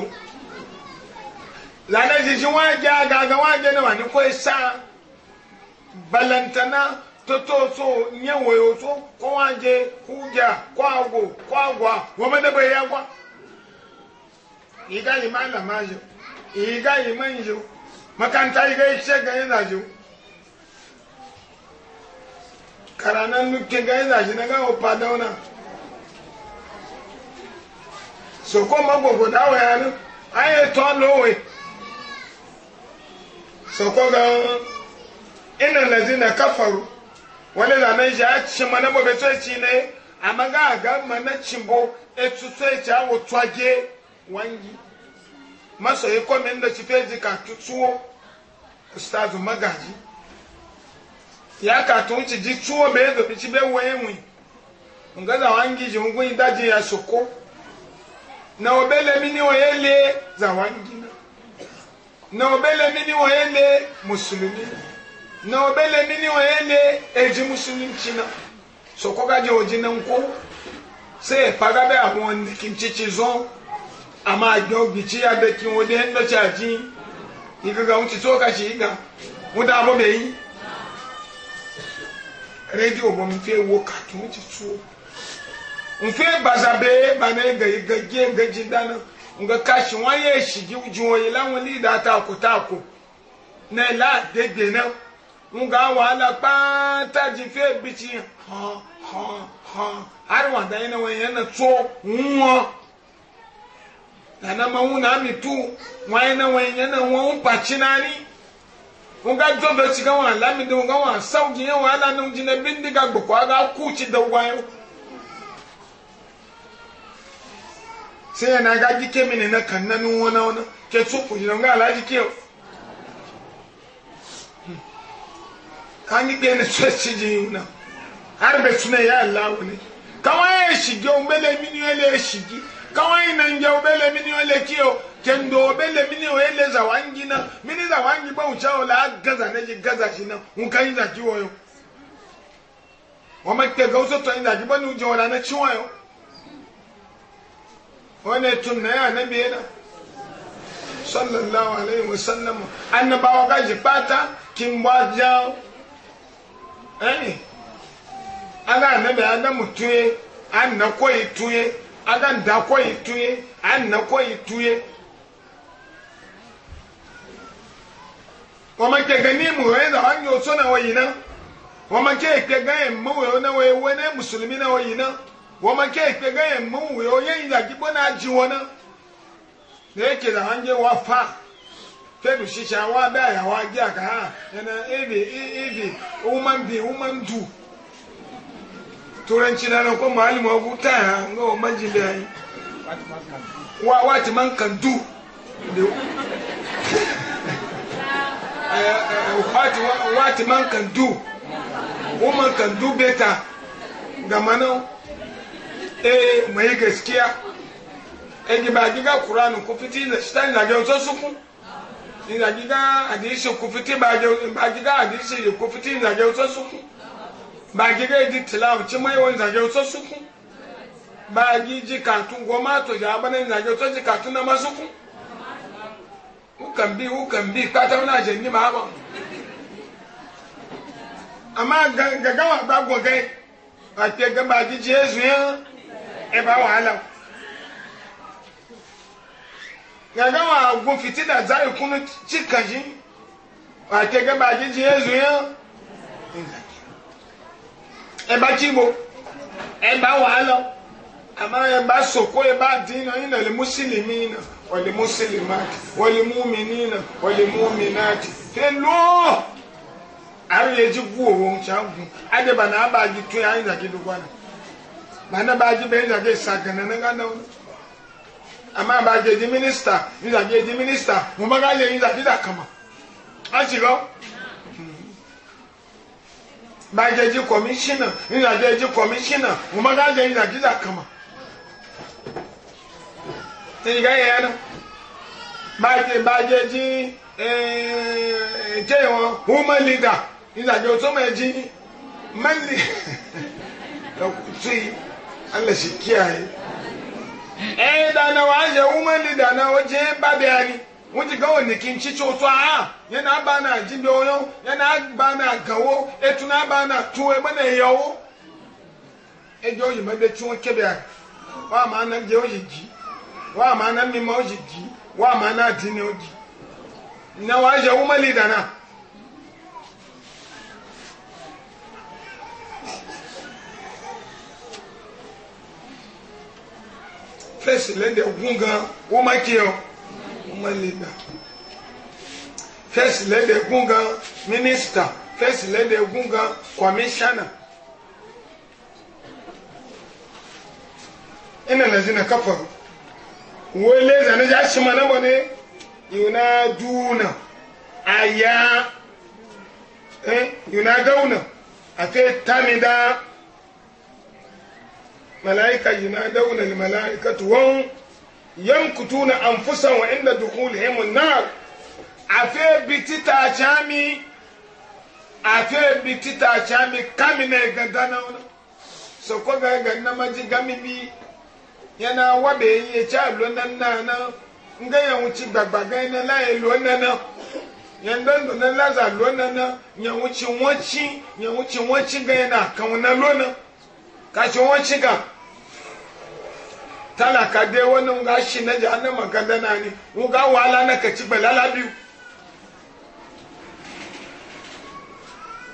lana shi shi waje gaga waje na wani kwai sa balantana totoso nye wayoto ko waje kuja kwago kwagwa wama da bai yagwa iga yi malama jo iga yi man jo makanta iga yi ce ga yana jo karanan nuke ga yana shi na gawo fadauna soko ma gbogbo awa ya ni anyị tọ́ lówe soko gan ina lazi na kafaru wani zanen shi a ci mana bobe tsoye ci ne a maga ma ga mana cimbo etu tsoye ci awo twaje wangi maso yi kome inda ci feji ka tutuwo ustazu magaji ya ka tun ji tuwo bai zobi ci bai waye mu nga za ji hungun daji ya soko na obele mini wayele za wangina na obele mini wayele musulumi na obele mini wayele eji musulunci na so ko gaje oji nan ko sai paga be awon kinchichi zon ama agbe ogbichi ya ki won de ndo cha igaga won ti ka shi iga won da be yi radio bo mi fe wo ka ki won mfe gbaza bee ba na ga ga ge ga ji dana nga kashi wa ye shi ji ju wo ila won da ta ko ta ko na la de gbe na nga wa la pa ta ji fe bi ha ha ha ari wa da ina wen yana to nwo na na ma wu na mi tu wa ina wen yana won pa chi ni nga jo be ti ga wa la mi de nga wa saudi ya wa la nu ji na gbo ko ga ku chi da wa yo sai yana ga jike mini na kannanin wani wani ke tsufu jinan ga alaji ke an yi ɗaya na cece ji yi nan har bai tuna ya Allah ne kawai ya shige obele mini wale ya shige kawai nan ya obele mini wale kiyo kendo obele mini wale zawangi na mini zawangi ba wuce wala gaza na ji gaza shi nan mun kan yi zaki wayo wa mai ke gausa to yi zaki ba ni wuce wala na ciwayo wani tun na ya nabi yana sallallahu alaihi wasallam annabawa gaji pata kin ba jawo eh aga annabi adamu tuye anna koyi tuye aga da koyi tuye anna koyi tuye wama ke gani mu wai da an yo sona wayina wama ke ke ga mu wai na wai wani musulmi na wayina wọ́n máa kẹ́ ìpè gẹ́yẹ̀ mú ìwé oyé ìdàgí bọ́nà ají wọn náà ní èkè làwọn jẹ́ wọ́n fa fẹ́ẹ̀lù ṣiṣẹ́ àwọn abẹ́ àyàwó ajé àkàrà ẹ̀nà èvè èvè woman be woman do turanci na nan ko malama huta ya ga wa manji da yi wa wati man kan du wati man kan du woman kan do better ga manau Ee eh, mai gaskiya eh ki ba giga qur'ani ku fiti da shitan na ga so suku ni na giga hadisi ku fiti ba ga ba giga hadisi ku fiti na ga so suku ba giga di tilawu ci mai wani zage so suku ba giji kantun goma to ya bana na ga to ji kantun na masuku ukan bi ukan bi kata na jenni ma ba amma ga ga ba gogai a ke ga ba giji ya ẹ̀bá wàhálà gàgà wà gùn fìtí dà ìkúnú tí kàjí wà kẹgẹ bá jíjí ẹzù yẹn ẹ̀bá kíbo ẹ̀bá wàhálà àmọ́ ẹ̀bá sòkó ẹ̀bá dínà yìí nà lè mùsùlùmí yìí nà wọ́n lè mùsùlùmá wọ́n lè múmi ní nà wọ́n lè múmi náà kì í lọ́ọ́ àríyànjú gbú òun ṣáà gùn adébànà abàjì tún yà á ń zàkí dùgbọ́n náà mana baji bɛ nzage sagana na nga na wo ama baji di minista nzage di minista mo ma ka le nzage da kama ati lɔ baji di kɔmishina nzage di kɔmishina mo ma ka le nzage da kama nga yɛ no baji baji di ɛɛ jɛ wɔn woman leader nzage o tó ma di mɛli. 要注意。Allah shi kiyaye eh, eh da na waje woman leader na ba babe ani wuti gawo nikin cicho to a ah, yana ba na jibe oyo yana ba na gawo etu na ba na tuwe bana yawo ejo yi mebe tun kebe wa ma na je oji ji wa ma na mi ma oji ji wa ma na dini oji na waje woman leader na fẹsẹ̀ lẹ́dẹ̀ gún gan wọ́n má kí ọ wọ́n má lè gbà fẹsẹ̀ lẹ́dẹ̀ gún gan mínísítà fẹsẹ̀ lẹ́dẹ̀ gún gan kọmíṣánná. ina lazina kafaru wai leza na jashi mana bane yunaduna aya eh yunaduna a fe tamida mala'ika yunadawna almala'ikatu wa yankutuna anfusahum wa inda dukhulihim an-nar afe bitita chami afe bitita chami kamine gadana so ko ga namaji gami bi yana wabe ye chablo nan nana nga ya wuci gbagba ga ina la elo nana yan ndo na laza lo nana nya wuci wuci nya wuci wuci ga yana kan na lona ka ci wanci ga tana ka de wani nga shi na jahannama gandana ne nga wala na ka ci balala biyu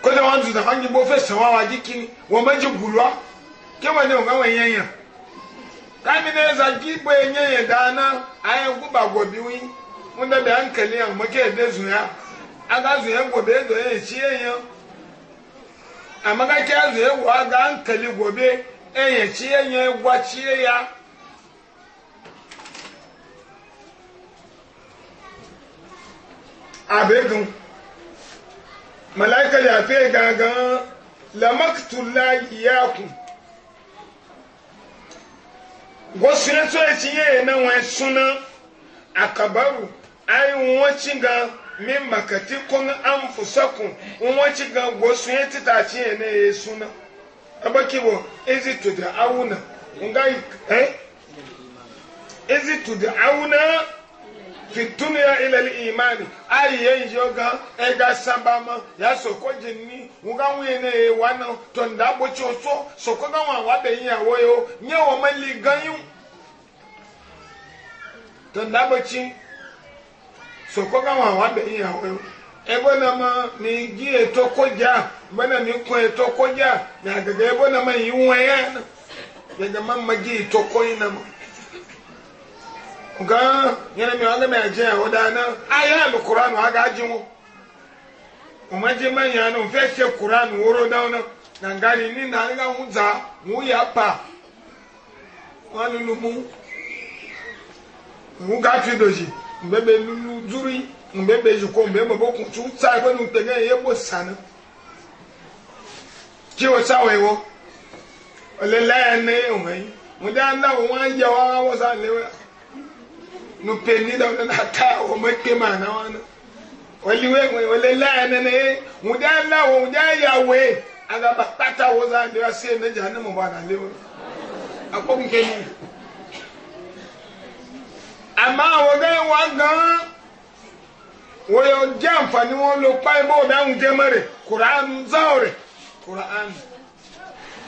ko da wanzu da hangi bo fesa wawa jiki wa maji gulwa ke wani nga wani yanya kami ne za ki bo e yanya dana ayi e guba gobi wi munda da hankali yan make da zuya aga zuya gobe do yan e ci yanya amma ga ki zuya wa ga hankali gobe yan ci yanya gwa ci ya abegun malaika ya gangan lamaktula iyakun gosunan so ya na wani suna akabaru ai wancin ga min makati kun an fusakun wancin ga gosunan tita ciye na ya suna abaki bo ezi to da auna nga eh ezi to da auna fi duniya ilal imani ayi ye oga ga e ma ya so ko jinni mu ga wi e wa na to nda bo chi oso so ko ga wa wa be yin awo yo nye wo ma li gan yu to nda bo chi so ko be yin awo e na ma ni gi eto to ko na ni ko eto to ko na ga ga na ma yi won na ma ma gi e ko ina ma nga yana mi wanga mai ajiya e o da nan aya alkur'anu aga ajinwo o ma manya man ya no fe se woro da na ngari ni na nga hunza mu ya pa wa lulu mu mu ga fi doji mbe be lulu zuri mbe be juko mbe mbo ku tu tsa ko nu tege ye bo sana ki o sa wo ole la ne o mai mu da la wo wa ya wa wo sa le wa nupeni da wani ata o make ma na wani wali we wali la na ne mu da la wo da ya we aga batata wo za de ase ne jahannam ba na lewo akpo nke ni ama wo ga wa gan wo yo je anfani won lo pa ibo da un je mare qur'an zaure qur'an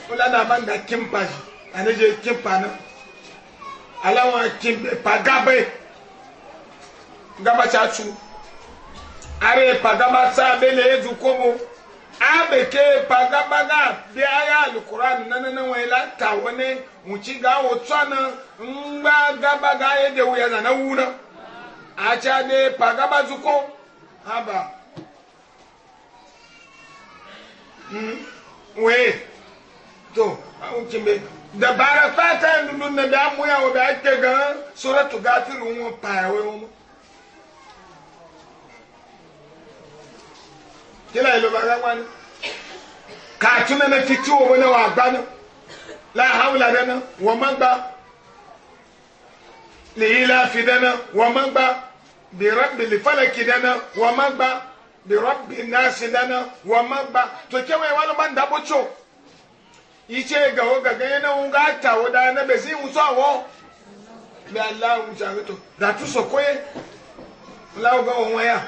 wala n'a ban da kimpa anaje kimpa na alawa kimpa pagabe gaba chachu are pagama sa bele ezu kobo abe ke pagama ga bi aya alquran nana na wela tawane muci ga otsana ngba gaba ga yede wuya na na wuna acha de pagama zuko haba mm we to awun kimbe dabara fata ndundu na bi amuya wo bi ake ga suratu gafiru won pa we won kila ilo baga wani ka tuna na fiti wo wani wa gbani la haula dana wa man gba li ila fi dana wa man gba bi rabbi li falaki dana wa man gba bi rabbi nasi dana wa man gba to kewa wani ban da bocho ice ga o ga ganyana un ga ta o da na besi un so awo bi allah un jago to da tu so koye lawo ga won ya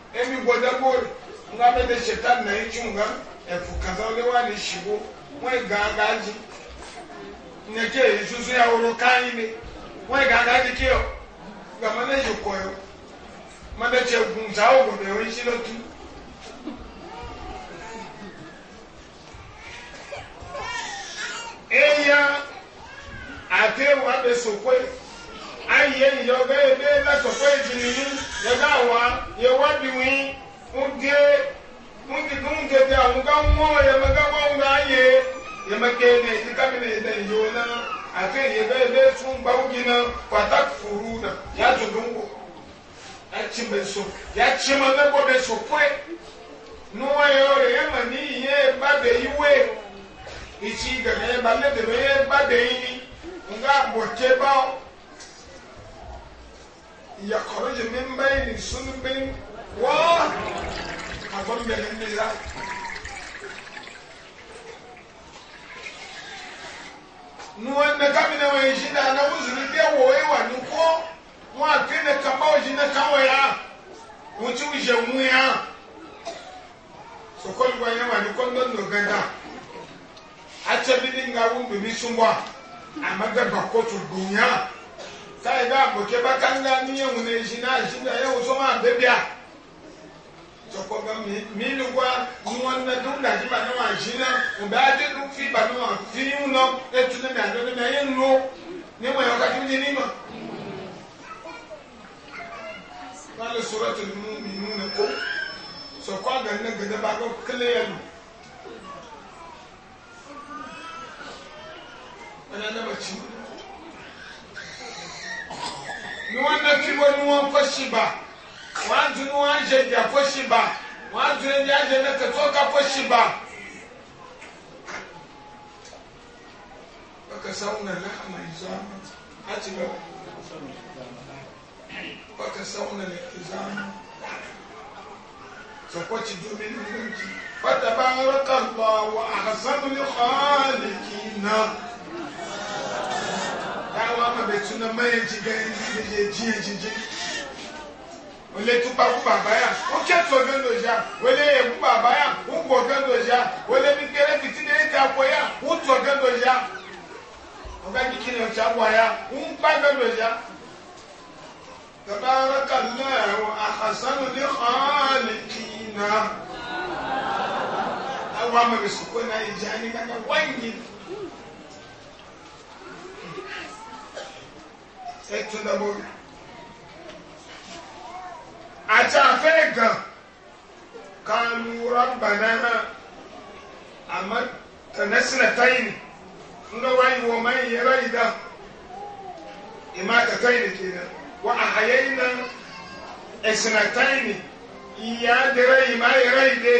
emi gbɔdɔ gbori nga bɛ de setan na yi tsi nga ɛfu kasa wòle wa le si bo wɔn gãgã dzi nɛkye yi susu ya wòle kan yi ne wɔn gãgã dzi ke yɔ gama ne yi kɔ yɔ ma ne tse gun sa wo gbɔdɔ yɔ esi lɛ tu. eya ate wa be sokoe. ayi yɛ nyi ɔbɛ yɛ bɛ bɛ sɔkɔ yɛ dini yi yɛ bɛ awa yɛ wa bi wi ŋudie ŋudi ŋudi bi awu ka ŋmɔ yɛ mɛ ka wɔn ka yɛ yɛ mɛ kɛ ne yi ka mi ne yi yi na yɛ bɛ bɛ gbawo na pata furu na yɛ atu do ŋgo yɛ tsi mɛ so yɛ ya mɛ mɛ bɔ yɛ yɛ mɛ ni yɛ ba bɛ yi we itsi gɛgɛ yɛ ba lɛ de yɛ ba yi bɔ يخرج من بين صلب و أظن بالنساء nuwa na kami na wani shi da na wuzuri biya woye wa nuko wọn ake na kama oji na kawo ya wọn ci wuje mu ya sokoli wa yawa nuko ndon no gada a ce bi ni nga wun bi mi a maga ba kotu dunya kai ga boke bakanga ni yewu ne jina jina yewu so ma bebia joko ga mi mi ni kwa ni won na dun da ji ba na ma jina o ba de du fi ba na fi yun no e tu na mi ado na yen no ni mo yo ka ti ni ni ma qala suratul mu'minun ko so kwa ga na ga ba ko clear ana na ba ci ni wọn na fi wọn ni wọn kọ si ba wọn dun ni wọn ayɛ bia kọ si ba wọn dun ni ayɛ ne kɛtɔ ka kọ si ba. وكسونا لحم الحزام عجبا وكسونا الحزام فقلت من الموت فتبارك الله أحسن لخالقنا káwọn amẹ̀bẹ̀ tún náà mẹ́yẹ jí gẹ́yìn yẹ jí yẹ jí jí. Olè tún pa fún bàbá yà, ó kẹ́tù ọ̀gá lò yá, olè yẹ fún bàbá yà, ó gbọ̀ ọ̀gá lò yá, olè mi kéré fìtí ní ètò àpò yà, ó tù ọ̀gá lò yá. Ọ̀gá mi kiri ọ̀chá wà yá, ó ń pa ọ̀gá lò yá. Tàbáraka lẹ́rù àhàsánù ní ọ̀ọ́lì kìnnà. Àwọn amẹ̀bẹ̀ sọ̀kọ́ náà ìjà ní kankan wáyé. etu dabo àti àfẹ́ gan kanu rabbana àmọ́ tẹ̀lẹ́sílẹ̀ táyìn ńlọ́wọ́ yìí wọ́n máa ń yẹra yìí dá ìmọ̀ àtẹ̀tẹ̀yìn kìíní wọ́n àhàyè yìí náà ẹ̀sìnà táyìn ìyá dẹrẹ yìí máa yẹra yìí dé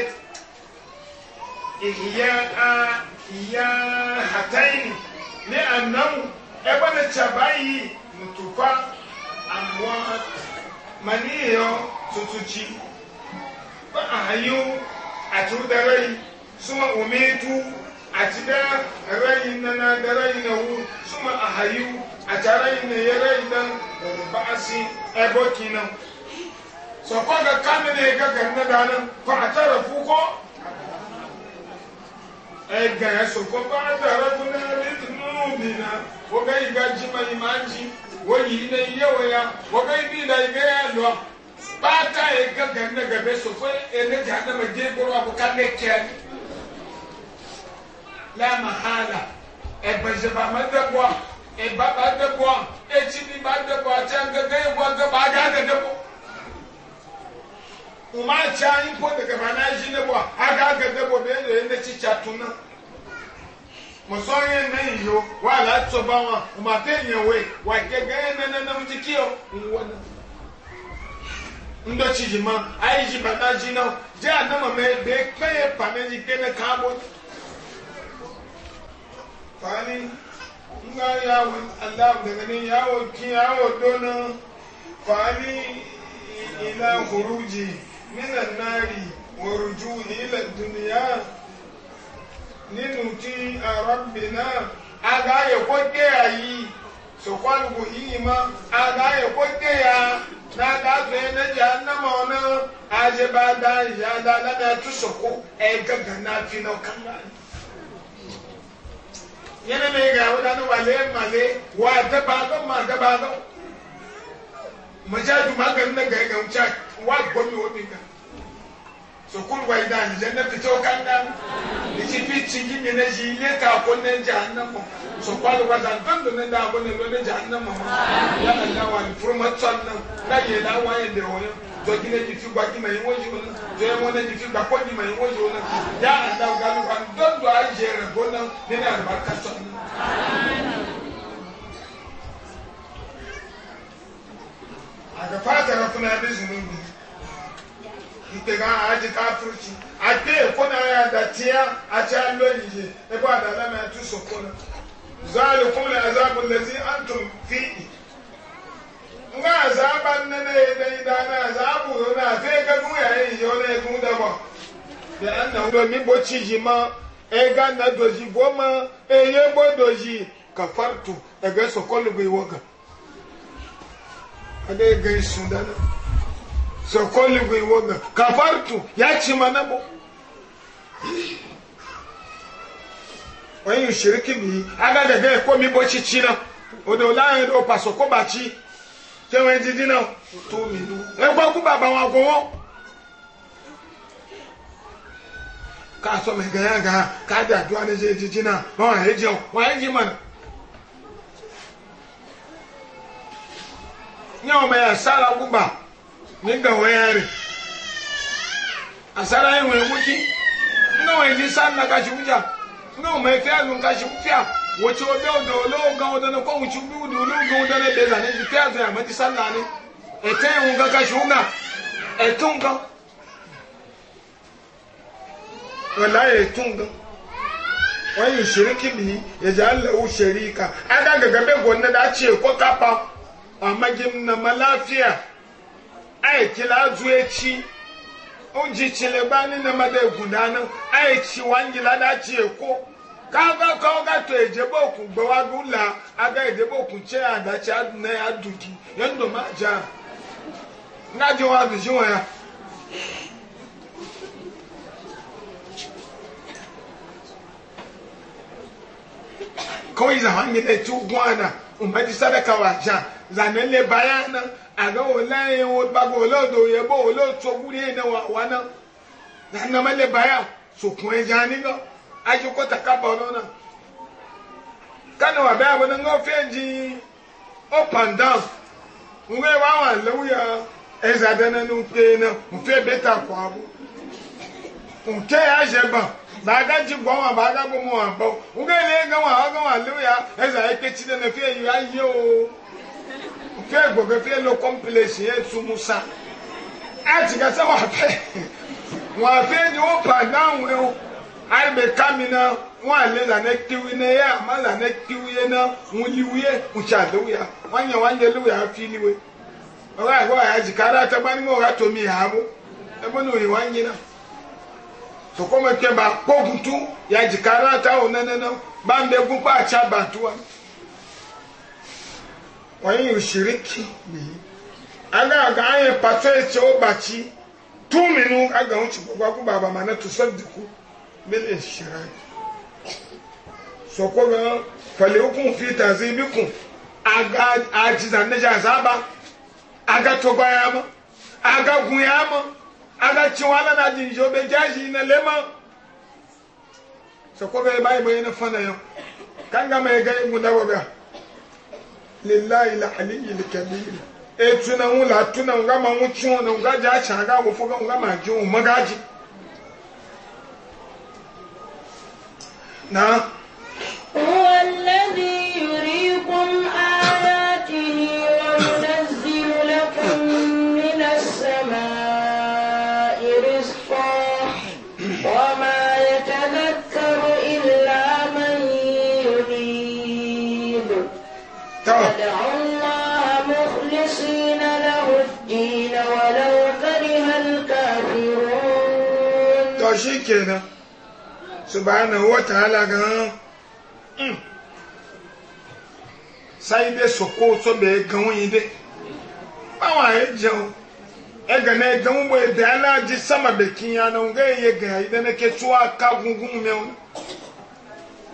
ìyá ìyá àtẹ̀yìn ní ànáwó ẹgbẹ́ ní tìyàbá yìí ntukwa amoa maniyo tutuchi ba ahayo ati udarai suma umetu ati rai na na rai na u suma ahayo ati rai na ya rai dan ba'asi ebo kinan so kwa ga kamene ga garna dana fa atara fuko ẹgbẹ̀rẹ̀ sọ̀kọ́ bá dàrẹ́ fún náà lẹ́tùnú mi náà ó bẹ́ ìgbà jí mọ́ wo yi na yewo ya wo kai bi yi ga ya lo ba ta ga ga na gabe be so fo e ne ja na ma je ko ro abu kan ne ke la mahala e ba je ba ma da bo e ba ba da bo e chi bi ba da bo cha ga ga e bo ga ba ga da bo bo ma cha in ko daga ba na ji ne bo a ga da bo be ne ne chi cha na. mọ̀sọ́yẹ́ nẹ́yìn yó wà láti sọ bá wọn wa àtẹ̀yìn wẹ̀ wà gẹ́gẹ́ nẹ́nẹ́nẹ́ mo ti kí ọ ńwọ́ náà. ndọ́chì yìí na ayé yìí bàtà jí náà jẹ́ àdámọ̀ mẹ́ bẹ́ pẹ́yẹ pàmẹ́jì kéne káàbọ̀. ya nga yawo alam daga ni yawo ki yawo dona ila kuruji minan nari wa rujuni ila duniya nínú tí àrọ́bì náà agáyè kó déyà yìí sòkòlùkù yìí mọ́ agáyè kó déyà n'agagbe n'eji anam ọ̀nà àjẹbàdà ìyàdà lẹ́nu ẹtú sòkò ẹ̀gẹ́gẹ́ náà fi náà kàn án. yẹn ní ìgbà wo dání wàlé màlé wà àdébàdọ́ mà àdébàdọ́ mọ̀jáde màgànnà gẹ̀gẹ̀ wà gbọ́mi wọ́n mi kàn sukun wa ida anjɛ ne bi tɔ kan da ne ti bi tigi mi ne si ne ta ko ne ja ne mɔ sukun wa da fɛn do ne da ko ne do ne ja ne mɔ ya na da wa ni furuma tɔn na na yɛ da wa yɛ de o ye dɔ gine ti fi gba jima ye wo jo na dɔ ye mɔne ti fi gba ko jima ye wo jo na ya na da ga lu wa don do a jɛ rɛ ko na ne ne araba ka tɔn na. a ka fa tara fana a bɛ zunu mi ntega aji kafirci a te kuna ya da tiya a ci allon yi ne ba da lama ya tuso kuna zalikum la azabul ladzi antum fihi nga azaban na na yi dai da na azabu na fe ga mu ya yi yo ne ku da ba da annahu do mi bo ci ji ma e na do ji bo ma e bo do ji kafartu e ga sokol bi woga ade ga sun da na sokoli bai wannan kafartu ya ci mana bu wani shirki bi aga da bai komi boci ci na odo láàrin ló pàṣọ kó bá ci kẹwọn dídí náà tó mi lú ẹgbọ́n kú bàbá wọn kó wọn ká sọ mi gẹ̀yà gẹ̀yà ká dé àdúrà ní ṣe dídí náà wọn àyè jẹun wọn àyè jí mọ̀nà. ní ọmọ yẹn sára gbúgbà nígbà wọ́n rẹ̀ àsára ìwọ̀n ìwúkí nínú ìdí sáàmì kàṣíwújà nínú ọmọ ìfẹ́ àlùm kàṣíwúfíà wọ́n tí ó bẹ́ ọ̀dọ̀ olóògán ọdọ́nà kọ́hùn tí ó bí ọdọ̀ olóògán ọdọ́nà bẹ̀rẹ̀ ní ti fẹ́ àzọyà mẹ́tí sáàlá ní ẹ̀tẹ́ ìwọ̀n kan kàṣíwúgà ẹ̀tún gan ọ̀là ẹ̀tún gan wọ́n yìí ṣerékì mi ẹ̀jẹ̀ alẹ́ ó ṣerí ka adágàgà bẹ́ẹ̀ gbọ́n náà dá ayi kila azu echi onji chile ba ni na mada egunda na ayi chi wanji la da chi eko ka ga ka ga to ejebe okun gbe wa gula aga ejebe okun che ada chi na ya duki yendo ma ja na je wa bi ji wa ya kawai zahangi da ci gwana umar sadaka wa ja zanen le bayana aga wo lẹ́yìn wo gbàgbọ́ olóòdò yẹbọ olóòtọ́kù ní ìdá wa náà lánàmẹ́lẹ̀ báyà sòkun ẹja nígbà ajokota kaba ọlọ́nà kánà wà bẹ́ẹ̀ wọn ń fẹ́ jí up and down ń wé wá wà lọ́wọ́ yà ẹ̀zá dáná ní pé náà ń fẹ́ bẹ́tà kọ́ abú ń tẹ́ àṣẹ gbà bàgá jí gbọ́ wọn bàgá gbọ́ wọn àbọ̀ ń wé lé gán wọn àwọn gán wọn lọ́wọ́ yà ẹ̀zá ẹ̀kẹ́tì dáná fẹ́ yìí ayé o. fẹ́ gbọ̀gbẹ́ fẹ́ lọ kọ́mpilẹ̀sì yẹn tún mu sa ka sẹ́ wàá fẹ́ wàá fẹ́ ni o bà dáhùn ẹ̀ o ayé bẹ na mi na wọn àlẹ́ lànà kíwi náà yẹ àmọ́ lànà kíwi yẹn náà wọn wọn fi liwe ọ̀rọ̀ àgbọ̀ àyájì kára àtẹ́gbá ni wọ́n rà tó mi yà á mú ẹgbẹ́ wọ́n yóò ni, nìyí agáàgá ayé pàtó ẹ̀ṣẹ̀ ó bàtí túmí nu agàwọn tí gbogbo akú bàbá màá náà tó sẹ́dìkú mílíọ̀n ṣìrá sọ̀kọ́ gan pẹ̀lẹ́ òkun fi tàzí ibi kùn aga àjìzà níjà zaba, aga tó gbá yà aga gùn yà mọ́ aga tí wọn alẹ́ náà jìnjìn ọbẹ̀ jáàjì iná lé mọ́ sọ̀kọ́ gan ibà ìbọn yẹn fọ́nà yẹn kángámẹ́ gẹ́gẹ́ mú dáwọ́ bẹ́ẹ̀ lillahi la aliyyil kabir e tuna ŋu la tuna ŋu gama ŋu tsi ŋu ŋu gadzi atsi aga wo fo ŋu gama dzi ŋu megadzi na. هو الذي يريكم آياته وينزل لكم من السماء wa shi kenan subhanahu wa ta'ala gan sai be soko so be gan yin de bawa e jẹun e gan e gan bo e be ala ji sama be kin ya na nga ye gan ide na ke tu aka gungun me on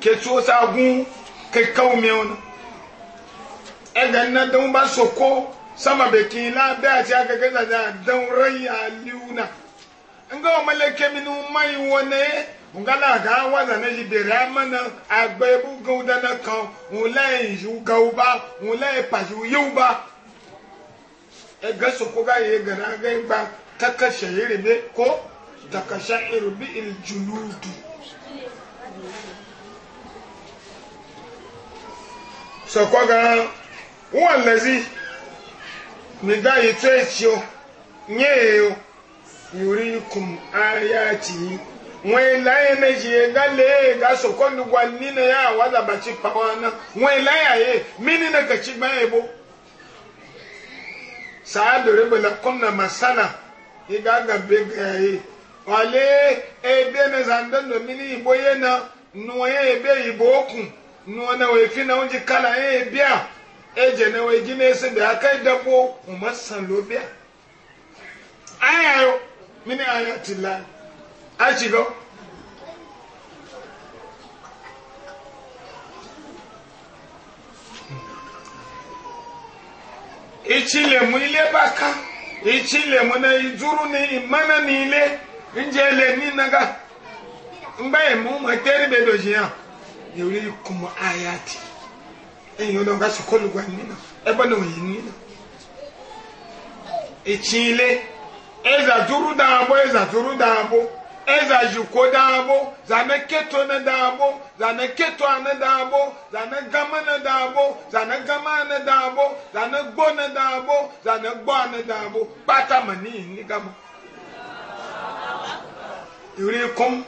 ke tu sa gun ke ka me on e gan na dan ba soko sama la da ti aka ga da dan nga omaleke mi ni ma yi wone nga la ga waza na yi bere ama na agba ebu gan da na kan un la yi e ju ga u ba un la e yi e ga ye ga na ga ngba kaka shayiri be ko taka shayiru bi il juludu so ko ga wọn lezi mi ga yi tso etio nye eyo yurikum ayatihi ŋwela ene zie ga lee ga sokondu gwalli ne ya wada bachi pawana ŋwela ya ye mini ne kachi gba ebo saa dore bela kumna masana iga ga be ga ye ale ebe ne zanda no mini ibo ye na nuwa ye ebe yi oku nuwa na we fi na unji kala ye ebe a eje na we gine ese da aka idabo umasan lobe a ayayo mini ayati llah acigo ichi ile baka ichile lemu na ijuru ni imana ni ile nje le ni naga mu ma teri be doji ya yuri kuma ayati eyi lo ga sokolu gwa ni na ebe na oyin ni na eza duru daabo eza duru daabo eza ziko daabo zane keto ne daabo zane keto ane daabo zane gama ne daabo zane gama ane daabo zane gbo ne daabo zane gbo ane daabo kpata ma ni ni gama yuri kum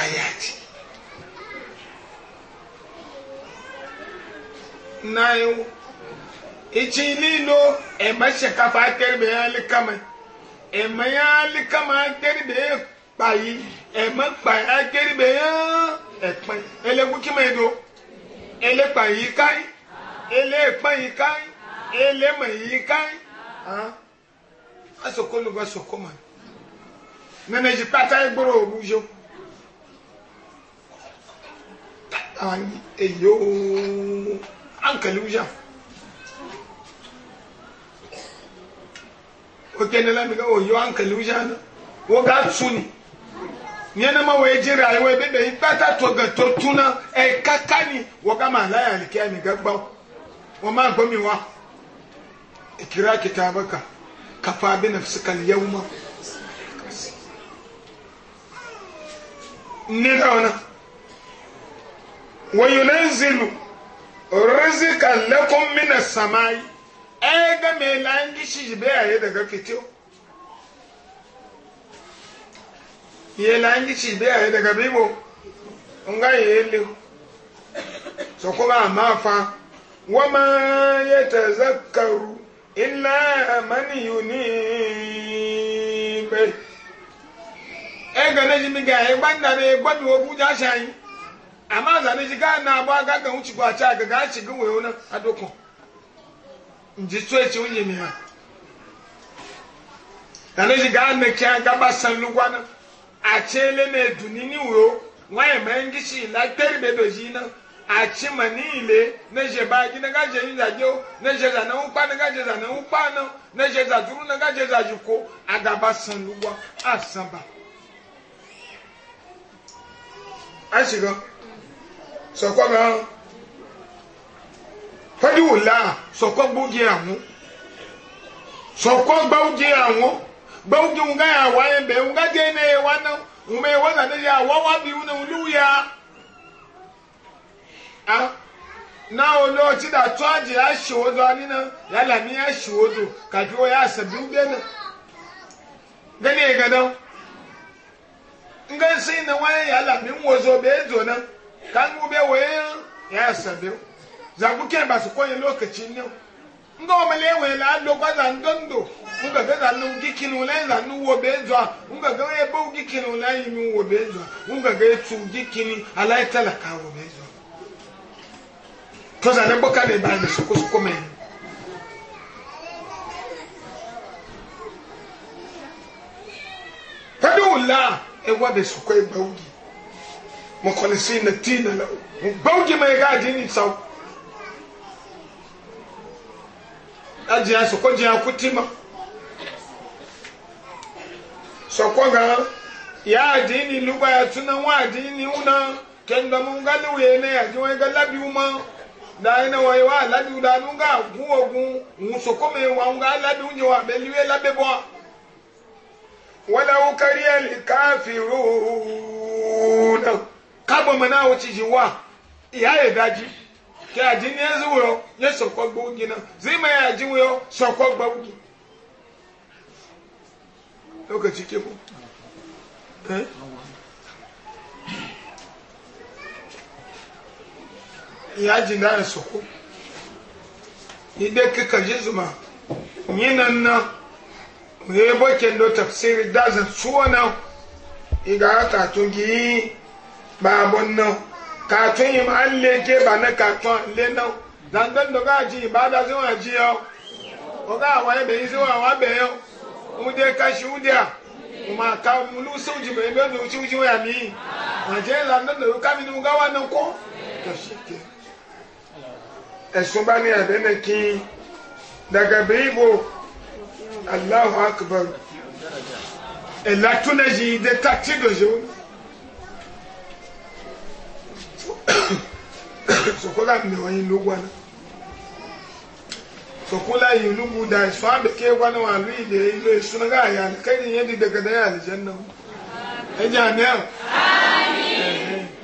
ayati nayo. ichi lilo ema shekafa terbe ya likama ema ya likama terbe ya kpayi ema kpaya terbe ya ekpan ele gukima edo ele kpayi kai ele ekpan yi kai ele ma yi kai ah asoko lu ba soko ma nana ji pata igboro obujo tata eyo ankali wujan o kene la mi ga oh, o yo ankali wujana wo ga tsuni nyene ma wo eji rayuwa ebebe ipata toga tortuna e kakani wo ga ma ya ni kia mi ga gbawo wo ma gbomi wa ikira e kitabaka kafa bi nafsika yawma nida wana wa Rizika rizqan lakum minas samai ai ga mai langi shi bayaye daga fito ye langi shi bayaye daga bibo nga ye le so ko ba ma fa wa ma yatazakkaru illa man yunib ai ga na jimi ga ai banda ne gbami wo buja shayin amma zane shi ga na ba ga ga wuci gwacha ga ga shi ga wayo na adokon nji tso ekyi wunye mi ha dana yi gaa mekye agaba san lugwa na akyele na eduni ni wo wanyɛ mɛ ngisi la teri be yi na atsi ma ni ile ne ze baagi ne ka ze yinzadze o ne ze za ne ŋukpa ne ka ze za ne ŋukpa na ne ze za duru ne ka ze za ziko agaba san lugwa asi lɔ sɔkɔ mɛ hã pẹ̀lú òlà sọ̀kọ́ gbóúnjẹ àwọn sọ̀kọ́ gbóúnjẹ àwọn gbóúnjẹ wọn gáyà wá yẹn bẹ̀ wọn gájẹ́ iná yẹn wá náà wọn bẹ̀ wọn nàdé yà wá wá bí wọn náà lù yà á náà olóòtú dà tó àjẹ́ àṣìwòdò àníná yálà ní àṣìwòdò kàdí wọ́n yà àṣàbí wọn bẹ́ẹ̀ náà gẹ́gẹ́ yẹn gẹ́dọ́ ngẹ́sìn náà wọ́n yà yálà mí wọ́n zọ bẹ́ẹ̀ zọ náà kánú bẹ́ẹ̀ wọ́n zaguke ba su koyi lokaci ne nga o mele we la do kwa za ndondo nga ga za nu gikinu la za nu wo bezwa nga ga e bo gikinu la yimi wo bezwa nga ga e tu gikini ala itala ka wo bezwa to za ne boka ne ba ne su me tadu la e wa be su ko e bawgi mo na sin na tina la bawgi me ga jini sau ajiya soko jiya kutima soko ga ya adini luba ya tuna wa adini una kenda munga luye ne ya jiwa ga labi uma da ina wa wa labi da nunga gu ogu un soko me wa nga labi unje wa beliwe labe bo wala ukariya likafirun kabo mana wuci jiwa ya ya daji ke aji ne zuwo nye sokwa gbo gi na ma ya aji wo sokwa gbo gi lokaci ke mu eh ya ji na soko ide kika jizuma yinan na ne boken do tafsiri dazan suwa na iga ta tungi babon nan kàtún yìí máa ń lé gé bàánà kàtún lé náà dàgbẹ́ ńdọ́gá àjí ìbáda sí wọn àjí ọ ọgá àwọn ẹbẹ̀ yìí sí wọn àwọn abẹ yọ ọmọdé káṣí ọmọdé à ọmọ àká ọmọlú sóòjì bẹ̀rẹ̀ bẹ́ẹ̀ ní ojú ojú wọn àmì yìí àjẹ́ ìlànà lòó kámi ní ọgá wa náà kọ́ ẹ̀sùn bá ní ẹ̀bẹ̀ náà kí dàgbẹ́ ìbò aláhùn akọ̀bọ̀rọ̀ ẹ̀là túnẹ̀ yìí dé tá sokola mmewa yin lugwana sokola yin lugu da su abe ke wani walu ile ile suna ga ya alkhairi yadda daga da ya aljanna ajami'a amin eh, eh.